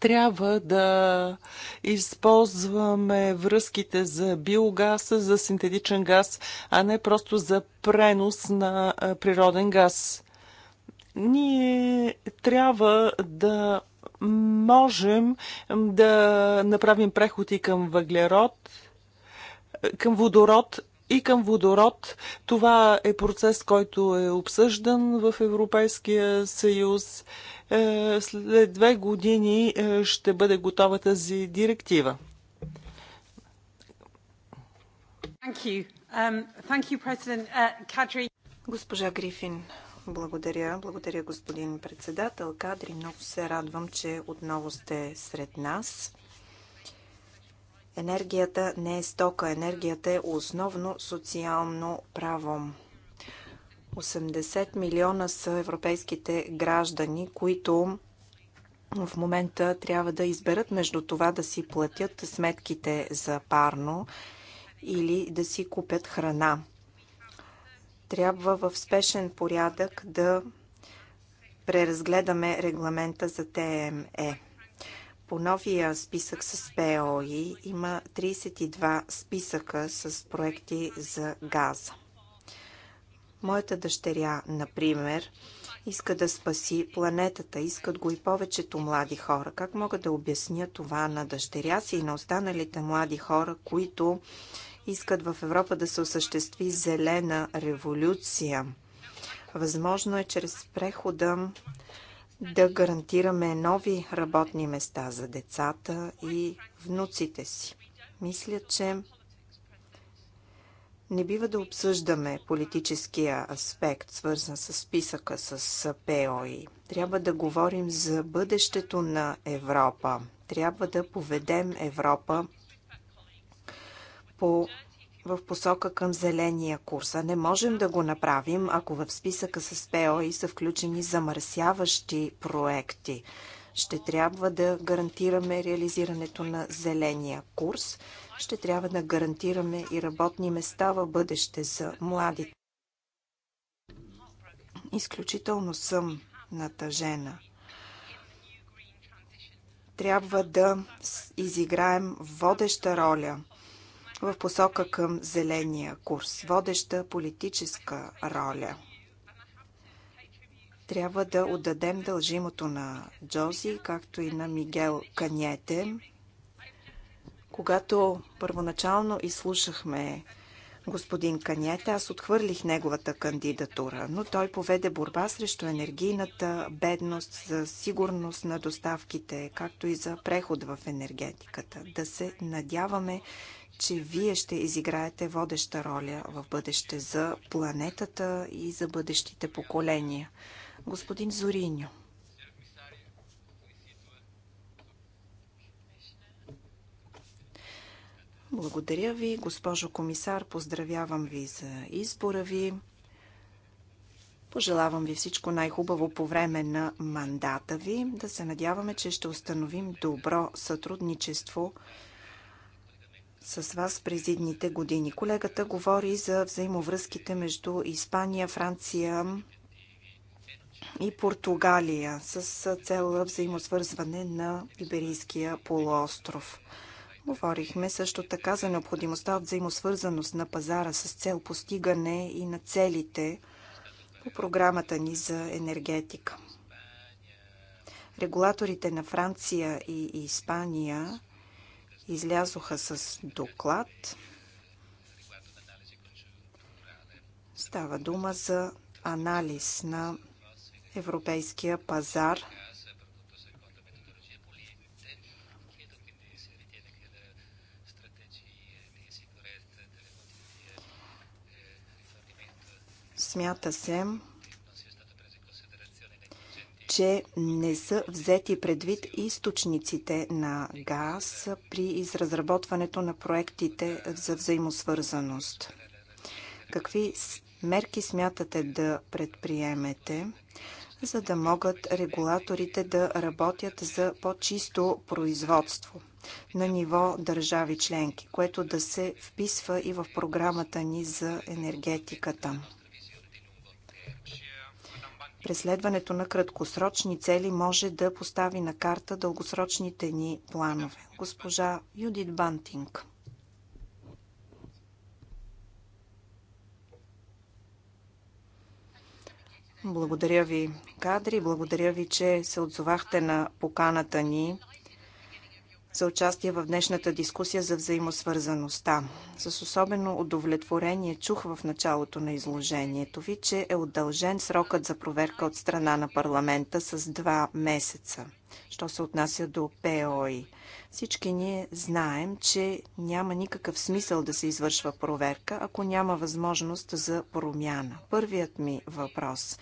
трябва да използваме връзките за биогаз, за синтетичен газ, а не просто за пренос на природен газ. Ние трябва да можем да направим преход и към въглерод, към водород и към водород. Това е процес, който е обсъждан в Европейския съюз. Е, след две години е, ще бъде готова тази директива. Um, uh, Госпожа Грифин, благодаря. Благодаря, господин председател. Кадри, много се радвам, че отново сте сред нас. Енергията не е стока, енергията е основно социално право. 80 милиона са европейските граждани, които в момента трябва да изберат между това да си платят сметките за парно или да си купят храна. Трябва в спешен порядък да преразгледаме регламента за ТМЕ. По новия списък с ПОИ има 32 списъка с проекти за газа. Моята дъщеря, например, иска да спаси планетата. Искат го и повечето млади хора. Как мога да обясня това на дъщеря си и на останалите млади хора, които искат в Европа да се осъществи зелена революция? Възможно е чрез прехода да гарантираме нови работни места за децата и внуците си. Мисля, че не бива да обсъждаме политическия аспект, свързан с списъка с ПОИ. Трябва да говорим за бъдещето на Европа. Трябва да поведем Европа по в посока към зеления курс. А не можем да го направим, ако в списъка с ПОИ са включени замърсяващи проекти. Ще трябва да гарантираме реализирането на зеления курс. Ще трябва да гарантираме и работни места в бъдеще за младите. Изключително съм натъжена трябва да изиграем водеща роля в посока към зеления курс, водеща политическа роля. Трябва да отдадем дължимото на Джози, както и на Мигел Каньете. Когато първоначално изслушахме господин Каньете, аз отхвърлих неговата кандидатура, но той поведе борба срещу енергийната бедност, за сигурност на доставките, както и за преход в енергетиката. Да се надяваме, че вие ще изиграете водеща роля в бъдеще за планетата и за бъдещите поколения. Господин Зориньо. Благодаря ви, госпожо комисар. Поздравявам ви за избора ви. Пожелавам ви всичко най-хубаво по време на мандата ви. Да се надяваме, че ще установим добро сътрудничество с вас през едните години. Колегата говори за взаимовръзките между Испания, Франция и Португалия с цел взаимосвързване на Иберийския полуостров. Говорихме също така за необходимостта от взаимосвързаност на пазара с цел постигане и на целите по програмата ни за енергетика. Регулаторите на Франция и Испания – излязоха с доклад. Става дума за анализ на европейския пазар смята се, че не са взети предвид източниците на газ при изразработването на проектите за взаимосвързаност. Какви мерки смятате да предприемете, за да могат регулаторите да работят за по-чисто производство на ниво държави членки, което да се вписва и в програмата ни за енергетиката? преследването на краткосрочни цели може да постави на карта дългосрочните ни планове. Госпожа Юдит Бантинг. Благодаря ви, кадри. Благодаря ви, че се отзовахте на поканата ни за участие в днешната дискусия за взаимосвързаността. С особено удовлетворение чух в началото на изложението ви, че е удължен срокът за проверка от страна на парламента с два месеца, що се отнася до ПОИ. Всички ние знаем, че няма никакъв смисъл да се извършва проверка, ако няма възможност за промяна. Първият ми въпрос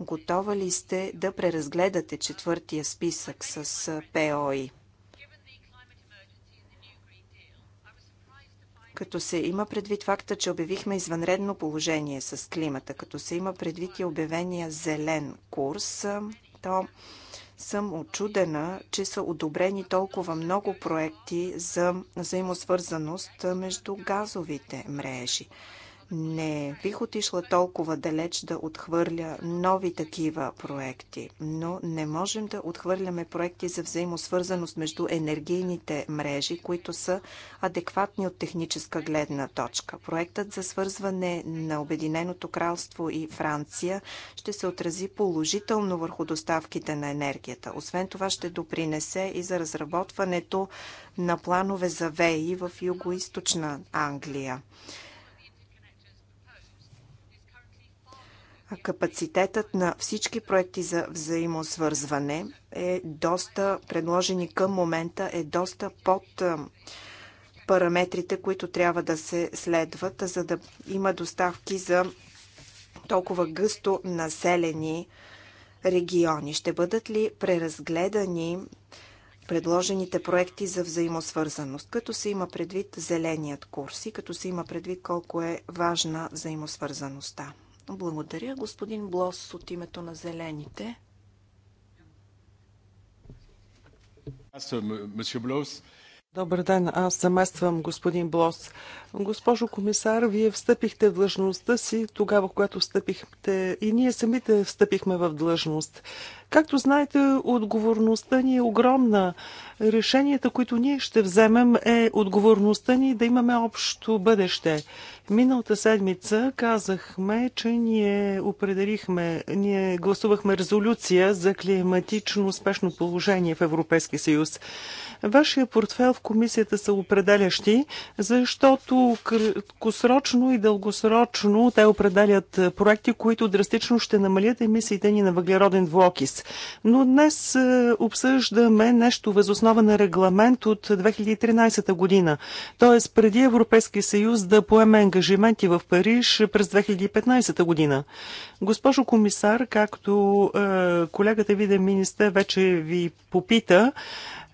Готова ли сте да преразгледате четвъртия списък с ПОИ? като се има предвид факта, че обявихме извънредно положение с климата, като се има предвид и обявения зелен курс, то съм очудена, че са одобрени толкова много проекти за взаимосвързаност между газовите мрежи. Не бих отишла толкова далеч да отхвърля нови такива проекти, но не можем да отхвърляме проекти за взаимосвързаност между енергийните мрежи, които са адекватни от техническа гледна точка. Проектът за свързване на Обединеното кралство и Франция ще се отрази положително върху доставките на енергията. Освен това ще допринесе и за разработването на планове за ВЕИ в юго-источна Англия. Капацитетът на всички проекти за взаимосвързване е доста, предложени към момента, е доста под параметрите, които трябва да се следват, за да има доставки за толкова гъсто населени региони. Ще бъдат ли преразгледани предложените проекти за взаимосвързаност, като се има предвид зеленият курс и като се има предвид колко е важна взаимосвързаността? Благодаря, господин Блос, от името на Зелените. Аз, Блос, Добър ден, аз замествам господин Блос. Госпожо комисар, вие встъпихте в длъжността си тогава, когато встъпихте и ние самите встъпихме в длъжност. Както знаете, отговорността ни е огромна. Решенията, които ние ще вземем е отговорността ни да имаме общо бъдеще. Миналата седмица казахме, че ние определихме, ние гласувахме резолюция за климатично успешно положение в Европейския съюз. Вашия портфел в комисията са определящи, защото краткосрочно и дългосрочно те определят проекти, които драстично ще намалят емисиите ни на въглероден двуокис. Но днес обсъждаме нещо възоснова на регламент от 2013 година. Т.е. преди Европейския съюз да поеме ангажименти в Париж през 2015 година. Госпожо комисар, както е, колегата ви да министър вече ви попита,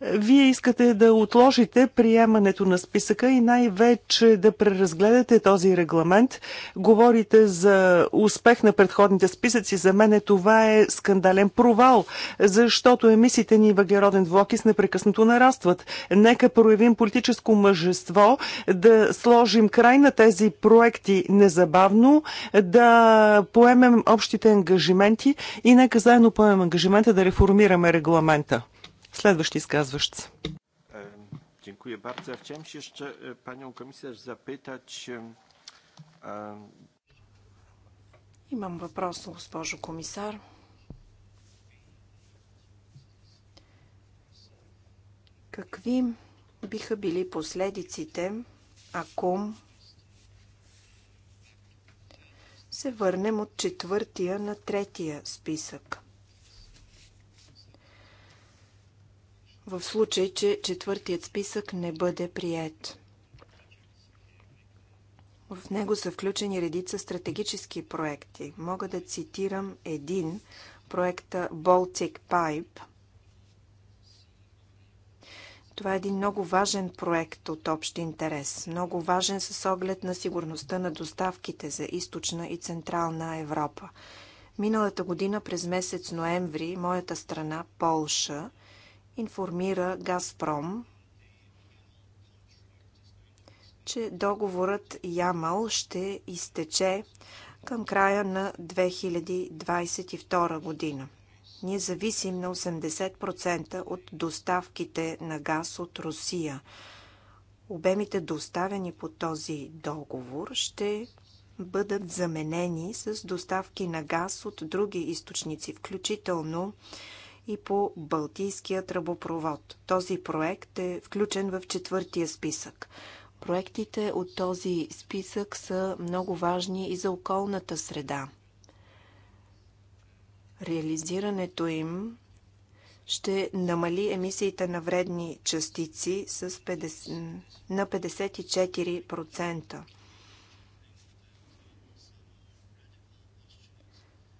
вие искате да отложите приемането на списъка и най-вече да преразгледате този регламент. Говорите за успех на предходните списъци. За мен това е скандален провал, защото емисиите ни въглероден двуокис непрекъснато нарастват. Нека проявим политическо мъжество, да сложим край на тези проекти незабавно, да поемем общите ангажименти и нека заедно поемем ангажимента да реформираме регламента. Следващи изказващи. се. Dziękuję е, bardzo. Chciałem się jeszcze panią komisarz zapytać. Имам въпрос, госпожо комисар. Какви биха били последиците, ако се върнем от четвъртия на третия списък? в случай, че четвъртият списък не бъде прият. В него са включени редица стратегически проекти. Мога да цитирам един, проекта Baltic Pipe. Това е един много важен проект от общ интерес. Много важен с оглед на сигурността на доставките за източна и централна Европа. Миналата година през месец ноември моята страна, Полша, информира Газпром, че договорът Ямал ще изтече към края на 2022 година. Ние зависим на 80% от доставките на газ от Русия. Обемите доставени по този договор ще бъдат заменени с доставки на газ от други източници, включително и по Балтийския тръбопровод. Този проект е включен в четвъртия списък. Проектите от този списък са много важни и за околната среда. Реализирането им ще намали емисиите на вредни частици с 50, на 54%.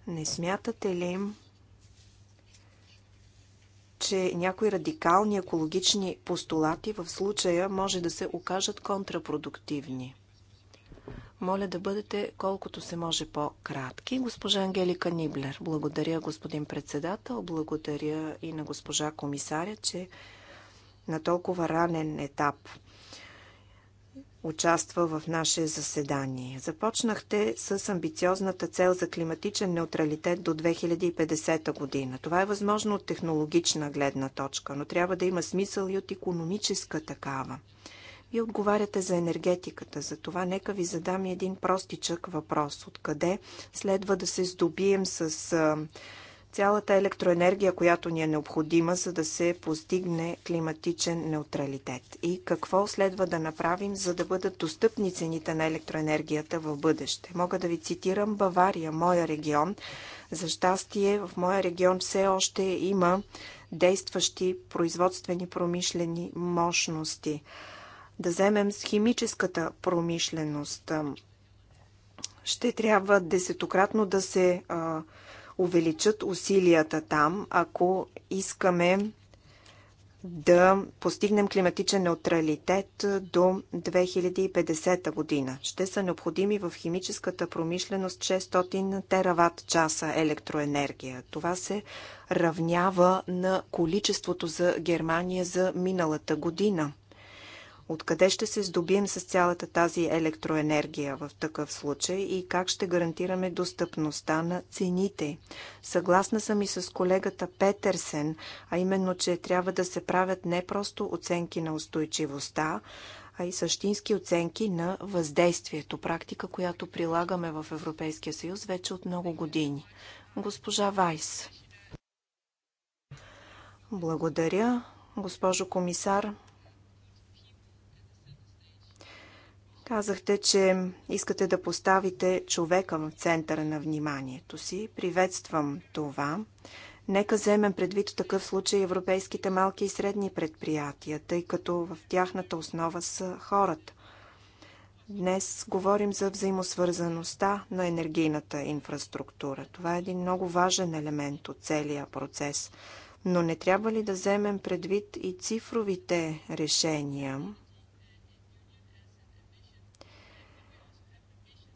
Не смятате ли им, че някои радикални екологични постулати в случая може да се окажат контрапродуктивни. Моля да бъдете колкото се може по-кратки. Госпожа Ангелика Ниблер, благодаря господин председател, благодаря и на госпожа комисаря, че на толкова ранен етап участва в наше заседание. Започнахте с амбициозната цел за климатичен неутралитет до 2050 година. Това е възможно от технологична гледна точка, но трябва да има смисъл и от економическа такава. Вие отговаряте за енергетиката, за това нека ви задам един простичък въпрос. Откъде следва да се здобием с цялата електроенергия, която ни е необходима, за да се постигне климатичен неутралитет? И какво следва да направим, за да бъдат достъпни цените на електроенергията в бъдеще? Мога да ви цитирам Бавария, моя регион. За щастие, в моя регион все още има действащи производствени промишлени мощности. Да вземем с химическата промишленост. Ще трябва десетократно да се а, увеличат усилията там, ако искаме да постигнем климатичен неутралитет до 2050 година. Ще са необходими в химическата промишленост 600 тераватт часа електроенергия. Това се равнява на количеството за Германия за миналата година. Откъде ще се здобием с цялата тази електроенергия в такъв случай и как ще гарантираме достъпността на цените? Съгласна съм и с колегата Петърсен, а именно, че трябва да се правят не просто оценки на устойчивостта, а и същински оценки на въздействието, практика, която прилагаме в Европейския съюз вече от много години. Госпожа Вайс. Благодаря, госпожо комисар. Казахте, че искате да поставите човека в центъра на вниманието си. Приветствам това. Нека вземем предвид в такъв случай европейските малки и средни предприятия, тъй като в тяхната основа са хората. Днес говорим за взаимосвързаността на енергийната инфраструктура. Това е един много важен елемент от целия процес. Но не трябва ли да вземем предвид и цифровите решения,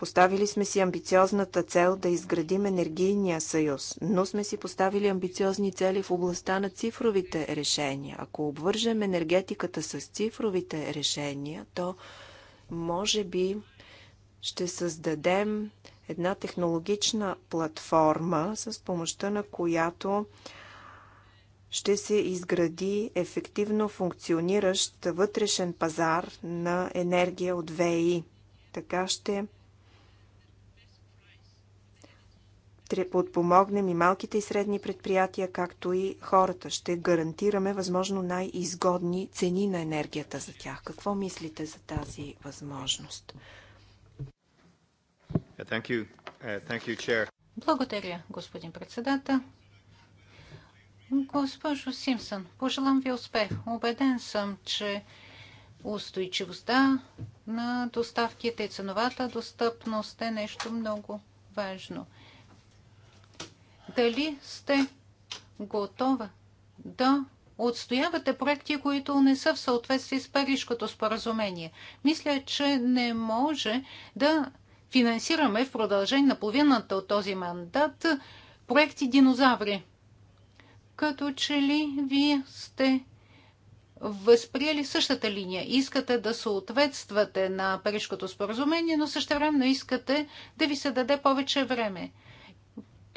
Поставили сме си амбициозната цел да изградим енергийния съюз, но сме си поставили амбициозни цели в областта на цифровите решения. Ако обвържем енергетиката с цифровите решения, то може би ще създадем една технологична платформа, с помощта на която ще се изгради ефективно функциониращ вътрешен пазар на енергия от ВИ. Така ще ще подпомогнем и малките и средни предприятия, както и хората. Ще гарантираме възможно най-изгодни цени на енергията за тях. Какво мислите за тази възможност? Thank you. Uh, thank you, Благодаря, господин председател. Госпожо Симсън, пожелам ви успех. Обеден съм, че устойчивостта на доставките и ценовата достъпност е нещо много важно дали сте готова да отстоявате проекти, които не са в съответствие с Парижкото споразумение. Мисля, че не може да финансираме в продължение на половината от този мандат проекти динозаври. Като че ли вие сте възприели същата линия. Искате да съответствате на Парижкото споразумение, но време искате да ви се даде повече време.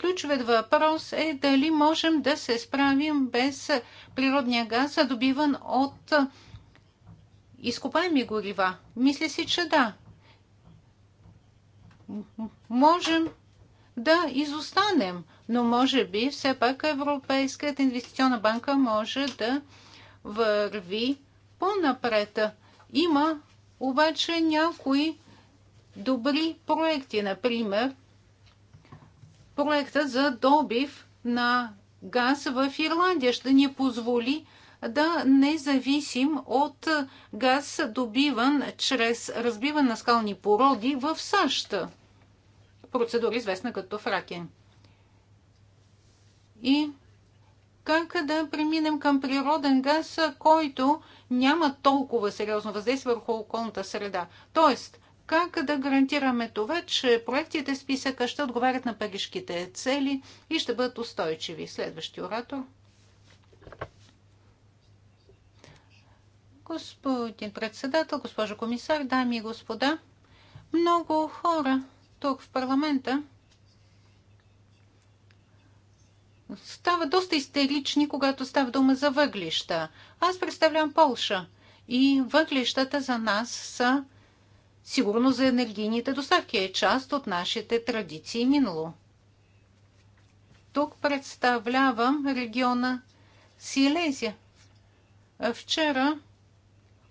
Ключовият въпрос е дали можем да се справим без природния газ, добиван от изкопаеми горива. Мисля си, че да. Можем да изостанем, но може би все пак Европейската инвестиционна банка може да върви по-напред. Има обаче някои добри проекти, например проекта за добив на газ в Ирландия ще ни позволи да не зависим от газ, добиван чрез разбиване на скални породи в САЩ. Процедура известна като Фракен. И как да преминем към природен газ, който няма толкова сериозно въздействие върху околната среда. Тоест, как да гарантираме това, че проектите в списъка ще отговарят на парижките цели и ще бъдат устойчиви? Следващи оратор. Господин председател, госпожо комисар, дами и господа, много хора тук в парламента стават доста истерични, когато става дума за въглища. Аз представлявам Полша и въглищата за нас са Сигурно за енергийните доставки е част от нашите традиции минало. Тук представлявам региона Силезия. Вчера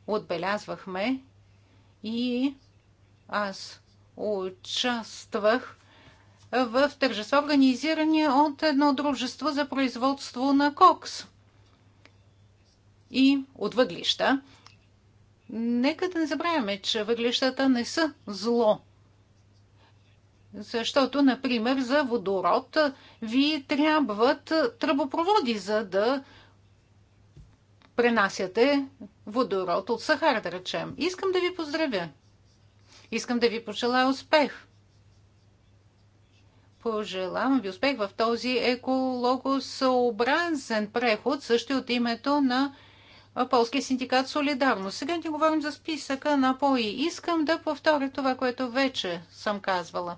отбелязвахме и аз участвах в тържества, организирани от едно дружество за производство на кокс и от въглища. Нека да не забравяме, че въглищата не са зло. Защото, например, за водород ви трябват тръбопроводи, за да пренасяте водород от Сахара, да речем. Искам да ви поздравя. Искам да ви пожелая успех. Пожелавам ви успех в този екологосъобразен преход, също от името на Полския синдикат Солидарно. Сега ни говорим за списъка на ПОИ. Искам да повторя това, което вече съм казвала.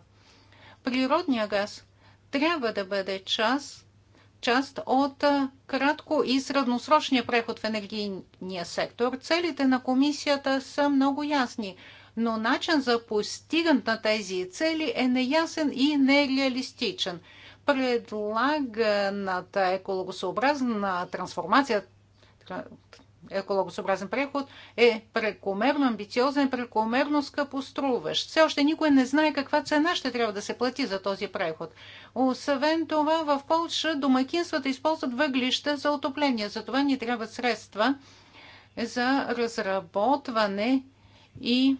Природния газ трябва да бъде част, част от кратко и средносрочния преход в енергийния сектор. Целите на комисията са много ясни, но начин за постигане на тези цели е неясен и нереалистичен. Предлаганата екологосъобразна трансформация екологосъобразен преход е прекомерно амбициозен, е прекомерно скъпоструващ. Все още никой не знае каква цена ще трябва да се плати за този преход. Освен това, в Польша домакинствата използват въглища за отопление. Затова ни трябват средства за разработване и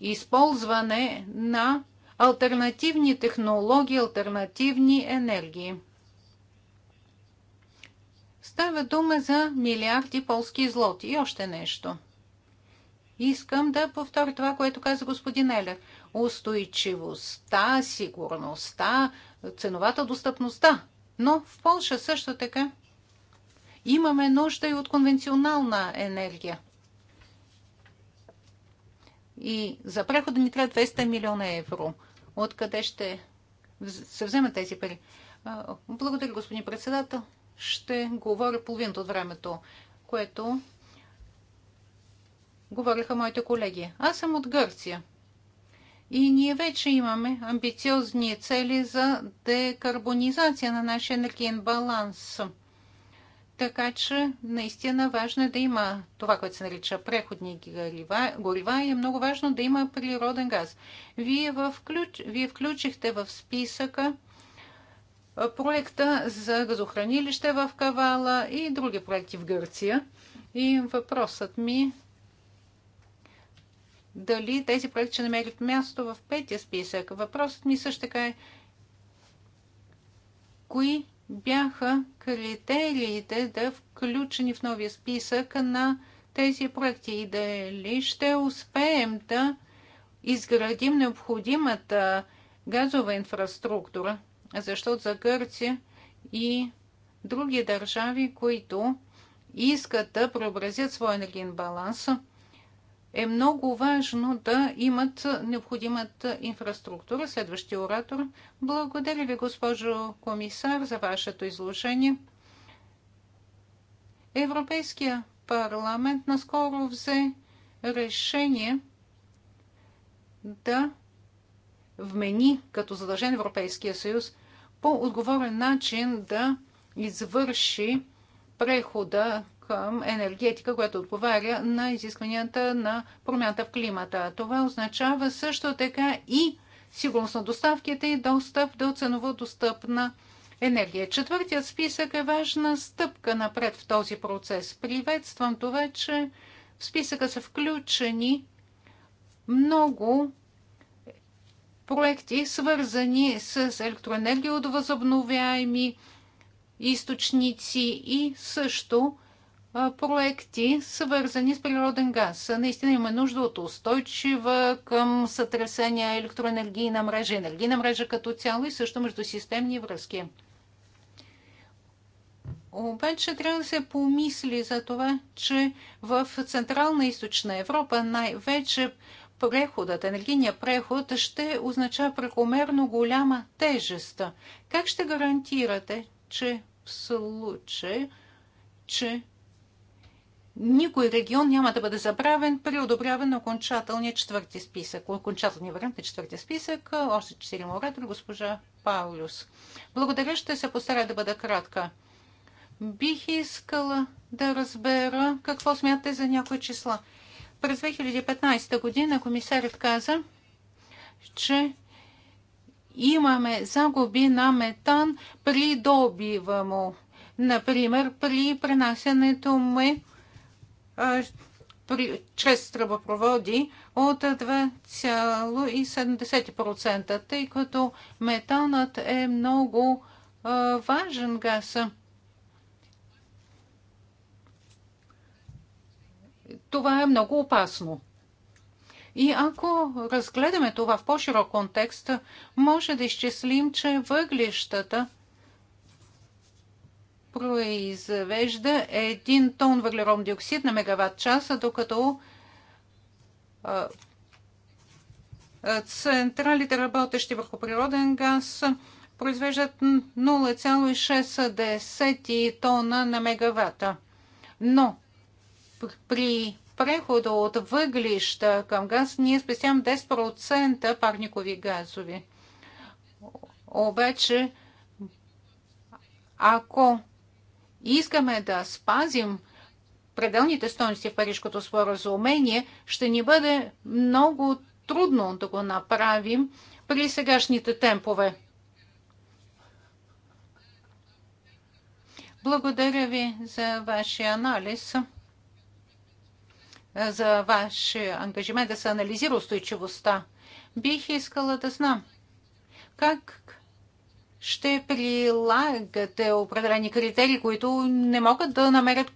използване на альтернативни технологии, альтернативни енергии. Става дума за милиарди полски злоти. И още нещо. Искам да повторя това, което каза господин Елер. Устойчивостта, сигурността, ценовата достъпността. Но в Польша също така имаме нужда и от конвенционална енергия. И за прехода ни трябва 200 милиона евро. Откъде ще се вземат тези пари? Благодаря, господин председател ще говоря половината от времето, което говориха моите колеги. Аз съм от Гърция. И ние вече имаме амбициозни цели за декарбонизация на нашия енергиен баланс. Така че наистина важно е да има това, което се нарича преходни горива, горива и е много важно да има природен газ. Вие, ключ, вие включихте в списъка е, проекта за газохранилище в Кавала и други проекти в Гърция. И въпросът ми дали тези проекти ще намерят място в петия списък. Въпросът ми също така е кои бяха критериите да включени в новия списък на тези проекти и дали ще успеем да изградим необходимата газова инфраструктура защото за Гърция и други държави, които искат да преобразят своя енергиен баланс, е много важно да имат необходимата инфраструктура. Следващия оратор. Благодаря ви, госпожо комисар, за вашето изложение. Европейския парламент наскоро взе решение да вмени като задължен Европейския съюз по-отговорен начин да извърши прехода към енергетика, която отговаря на изискванията на промяната в климата. Това означава също така и сигурност на доставките и достъп до ценово достъпна енергия. Четвъртият списък е важна стъпка напред в този процес. Приветствам това, че в списъка са включени много проекти, свързани с електроенергия от възобновяеми източници и също проекти, свързани с природен газ. Наистина има нужда от устойчива към сътресения електроенергийна мрежа, енергийна мрежа като цяло и също между системни връзки. Обаче трябва да се помисли за това, че в Централна и Източна Европа най-вече преходът, енергийния преход ще означава прекомерно голяма тежест. Как ще гарантирате, че в случай, че никой регион няма да бъде забравен при одобряване на окончателния четвърти списък. Окончателния вариант на е четвърти списък, още четири оратори, госпожа Паулюс. Благодаря, ще се постарая да бъда кратка. Бих искала да разбера какво смятате за някои числа. През 2015 година комисарят каза, че имаме загуби на метан при добива му. Например, при пренасянето му е, при, чрез тръбопроводи от 2,7%, тъй като метанът е много а, важен газ. Това е много опасно. И ако разгледаме това в по-широк контекст, може да изчислим, че въглищата произвежда един тон въглероден диоксид на мегаватт часа, докато централите, работещи върху природен газ, произвеждат 0,6 тона на мегавата. Но при прехода от въглища към газ ние спестявам 10% парникови газови. Обаче, ако искаме да спазим пределните стойности в Парижкото споразумение, ще ни бъде много трудно да го направим при сегашните темпове. Благодаря ви за вашия анализ за вашия ангажимент да се анализира устойчивостта. Бих искала да знам как ще прилагате определени критерии, които не могат да намерят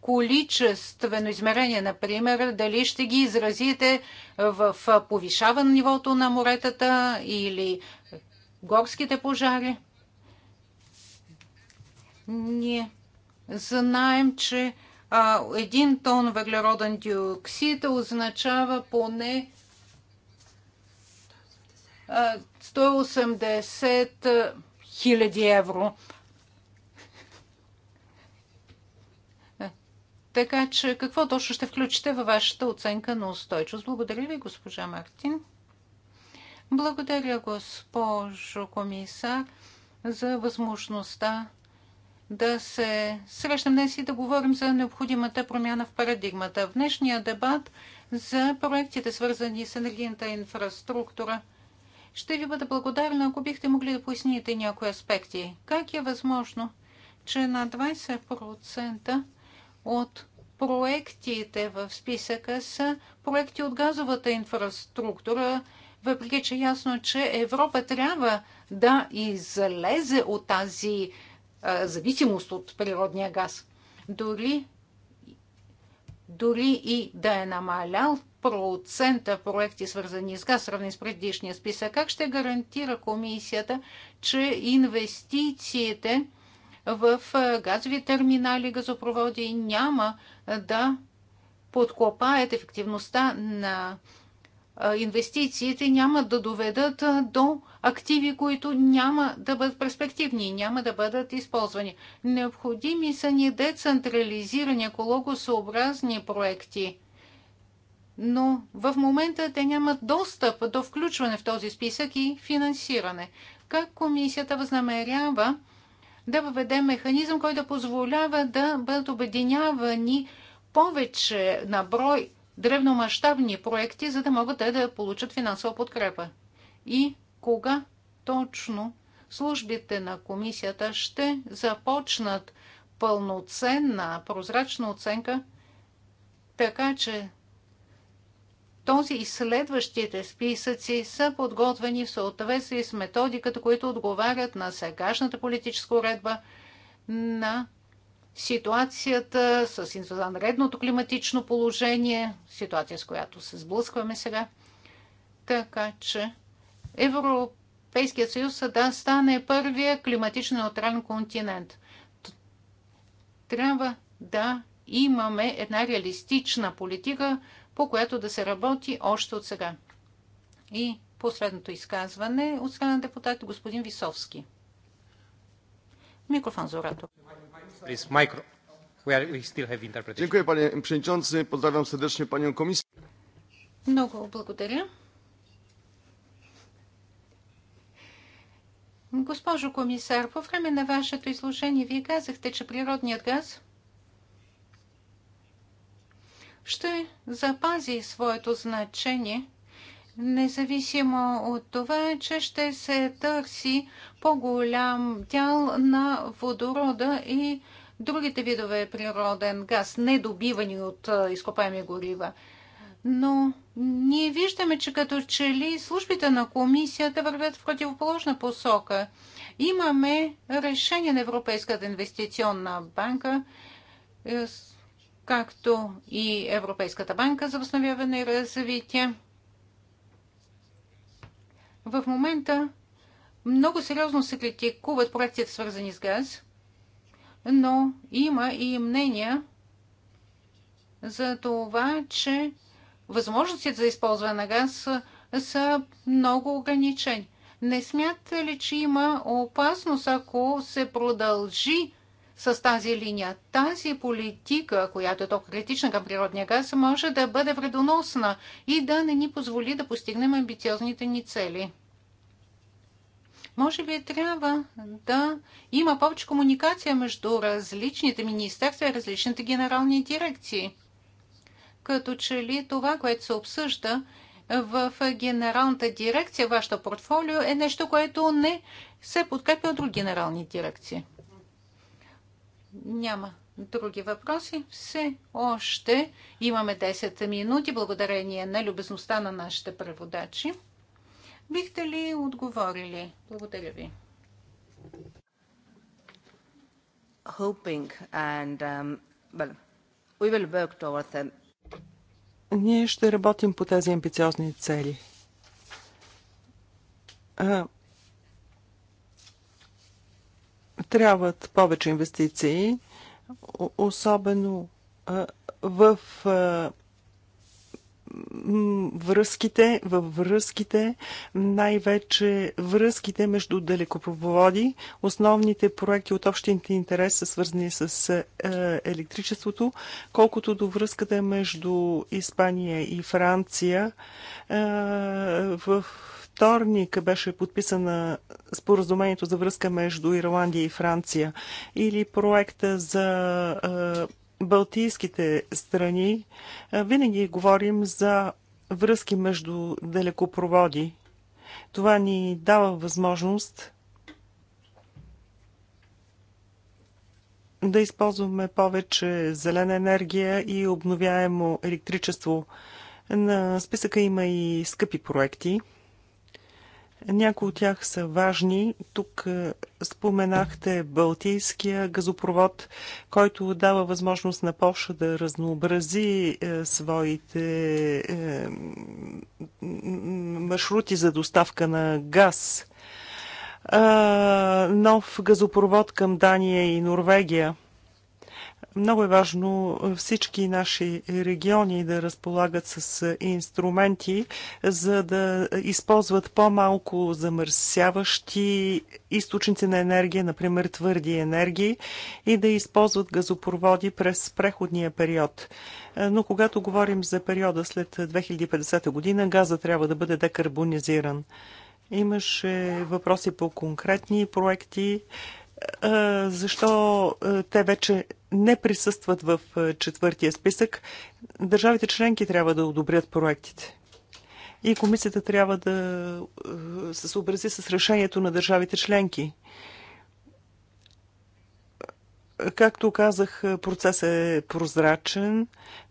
количествено измерение, например, дали ще ги изразите в повишаване нивото на моретата или горските пожари. Ние знаем, че един тон въглероден диоксид означава поне 180 хиляди евро. Така че какво точно ще включите във вашата оценка на устойчивост? Благодаря ви, госпожа Мартин. Благодаря, госпожо комисар, за възможността да се срещнем днес и да говорим за необходимата промяна в парадигмата. В днешния дебат за проектите, свързани с енергийната инфраструктура, ще ви бъда благодарна, ако бихте могли да поясните някои аспекти. Как е възможно, че на 20% от проектите в списъка са проекти от газовата инфраструктура, въпреки че е ясно, че Европа трябва да излезе от тази зависимост от природния газ. Дори, дори и да е намалял процента проекти, свързани с газ, сравни с предишния списък, как ще гарантира комисията, че инвестициите в газови терминали, газопроводи няма да подкопаят ефективността на инвестициите няма да доведат до активи, които няма да бъдат перспективни, няма да бъдат използвани. Необходими са ни децентрализирани екологосъобразни проекти, но в момента те нямат достъп до включване в този списък и финансиране. Как комисията възнамерява да въведе механизъм, който да позволява да бъдат обединявани повече на брой древномащабни проекти, за да могат те да получат финансова подкрепа? И кога точно службите на комисията ще започнат пълноценна, прозрачна оценка, така че този и следващите списъци са подготвени в съответствие с методиката, които отговарят на сегашната политическа уредба на ситуацията с извънредното климатично положение, ситуация с която се сблъскваме сега. Така че Европейският съюз да стане първия климатично неутрален континент. Трябва да имаме една реалистична политика, по която да се работи още от сега. И последното изказване от страна депутат господин Висовски. Микрофон за оратор please, micro. We, are, we still have interpretation. Dziękuję, panie przewodniczący. Pozdrawiam serdecznie panią komisję. Много благодаря. Госпожо комисар, по време на вашето изложение вие казахте, че природният газ ще запази своето значение независимо от това, че ще се търси по-голям дял на водорода и другите видове природен газ, недобивани от изкопаеми горива. Но ние виждаме, че като че ли службите на комисията вървят в противоположна посока. Имаме решение на Европейската инвестиционна банка, е, както и Европейската банка за възстановяване и развитие. В момента много сериозно се критикуват проектите, свързани с газ, но има и мнения за това, че възможностите за използване на газ са много ограничени. Не смята ли, че има опасност, ако се продължи с тази линия. Тази политика, която е толкова критична към природния газ, може да бъде вредоносна и да не ни позволи да постигнем амбициозните ни цели. Може би трябва да има повече комуникация между различните министерства и различните генерални дирекции. Като че ли това, което се обсъжда в генералната дирекция, вашето портфолио, е нещо, което не се подкрепя от други генерални дирекции няма други въпроси. Все още имаме 10 минути, благодарение на любезността на нашите преводачи. Бихте ли отговорили? Благодаря ви. Hoping and, um, well, we will work towards them. Ние ще работим по тези амбициозни цели. Трябват повече инвестиции, особено в връзките, във връзките, най-вече връзките между далекопроводи. Основните проекти от общите интерес са свързани с електричеството, колкото до връзката между Испания и Франция. в вторник беше подписана споразумението за връзка между Ирландия и Франция или проекта за Балтийските страни, винаги говорим за връзки между далекопроводи. Това ни дава възможност да използваме повече зелена енергия и обновяемо електричество. На списъка има и скъпи проекти – някои от тях са важни. Тук е, споменахте Балтийския газопровод, който дава възможност на Польша да разнообрази е, своите е, маршрути за доставка на газ. Нов газопровод към Дания и Норвегия. Много е важно всички наши региони да разполагат с инструменти, за да използват по-малко замърсяващи източници на енергия, например твърди енергии, и да използват газопроводи през преходния период. Но когато говорим за периода след 2050 година, газа трябва да бъде декарбонизиран. Имаше въпроси по конкретни проекти защо те вече не присъстват в четвъртия списък. Държавите членки трябва да одобрят проектите. И комисията трябва да се съобрази с решението на държавите членки. Както казах, процес е прозрачен.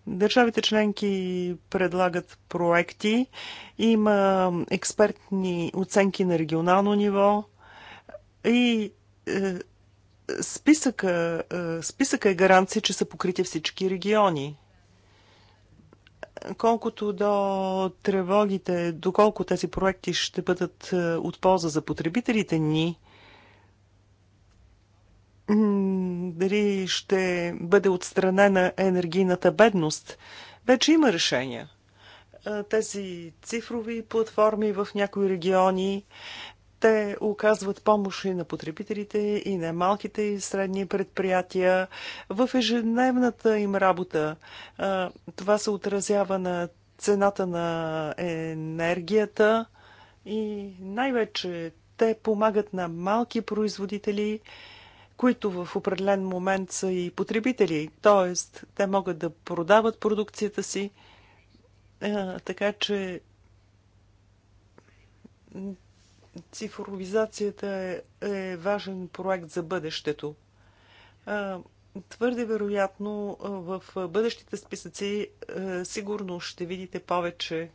Държавите членки предлагат проекти. Има експертни оценки на регионално ниво и е, списъка, е, списъка е гаранция, че са покрити всички региони. Колкото до тревогите, доколко тези проекти ще бъдат е, от полза за потребителите ни, дали ще бъде отстранена енергийната бедност, вече има решения тези цифрови платформи в някои региони, те оказват помощ и на потребителите, и на малките и средни предприятия в ежедневната им работа. Това се отразява на цената на енергията и най-вече те помагат на малки производители, които в определен момент са и потребители, т.е. те могат да продават продукцията си, така че Цифровизацията е, е важен проект за бъдещето. Твърде вероятно в бъдещите списъци сигурно ще видите повече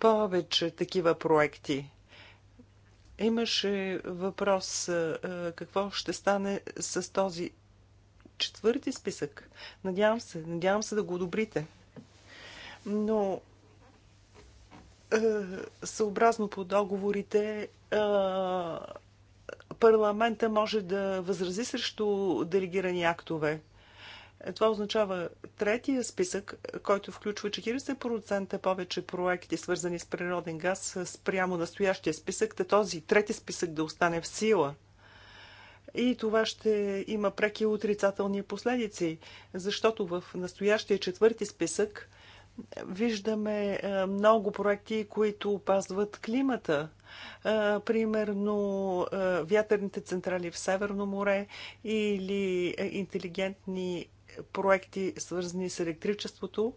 повече такива проекти. Имаше въпрос какво ще стане с този четвърти списък. Надявам се, надявам се да го одобрите но е, съобразно по договорите е, парламента може да възрази срещу делегирани актове. Е, това означава третия списък, който включва 40% повече проекти, свързани с природен газ, спрямо настоящия списък, да този трети списък да остане в сила. И това ще има преки отрицателни последици, защото в настоящия четвърти списък – Виждаме е, много проекти, които опазват климата. Е, примерно е, вятърните централи в Северно море или интелигентни проекти, свързани с електричеството.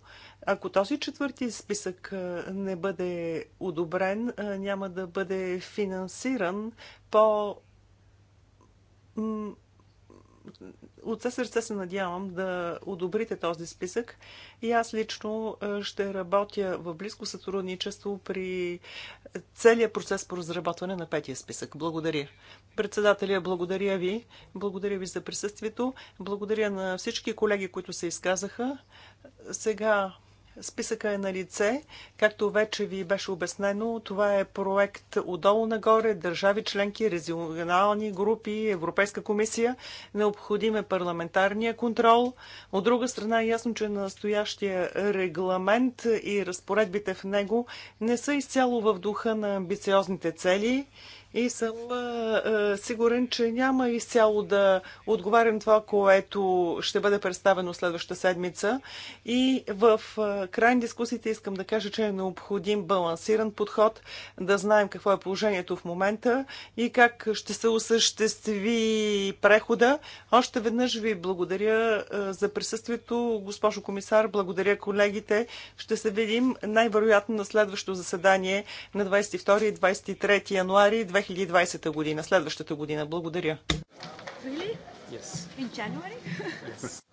Ако този четвърти списък не бъде одобрен, няма да бъде финансиран по от все сърце се надявам да одобрите този списък и аз лично е, ще работя в близко сътрудничество при целият процес по разработване на петия списък. Благодаря. Председателя, благодаря ви. Благодаря ви за присъствието. Благодаря на всички колеги, които се изказаха. Сега Списъка е на лице. Както вече ви беше обяснено, това е проект отдолу нагоре, държави членки, регионални групи, Европейска комисия. Необходим е парламентарния контрол. От друга страна е ясно, че настоящия регламент и разпоредбите в него не са изцяло в духа на амбициозните цели и съм сигурен, че няма изцяло да отговарям това, което ще бъде представено следващата седмица. И в край на дискусиите искам да кажа, че е необходим балансиран подход, да знаем какво е положението в момента и как ще се осъществи прехода. Още веднъж ви благодаря за присъствието, госпожо комисар, благодаря колегите. Ще се видим най-вероятно на следващото заседание на 22 и 23 януари 2020 2020 година, следващата година. Благодаря. Really? Yes. In January? Yes.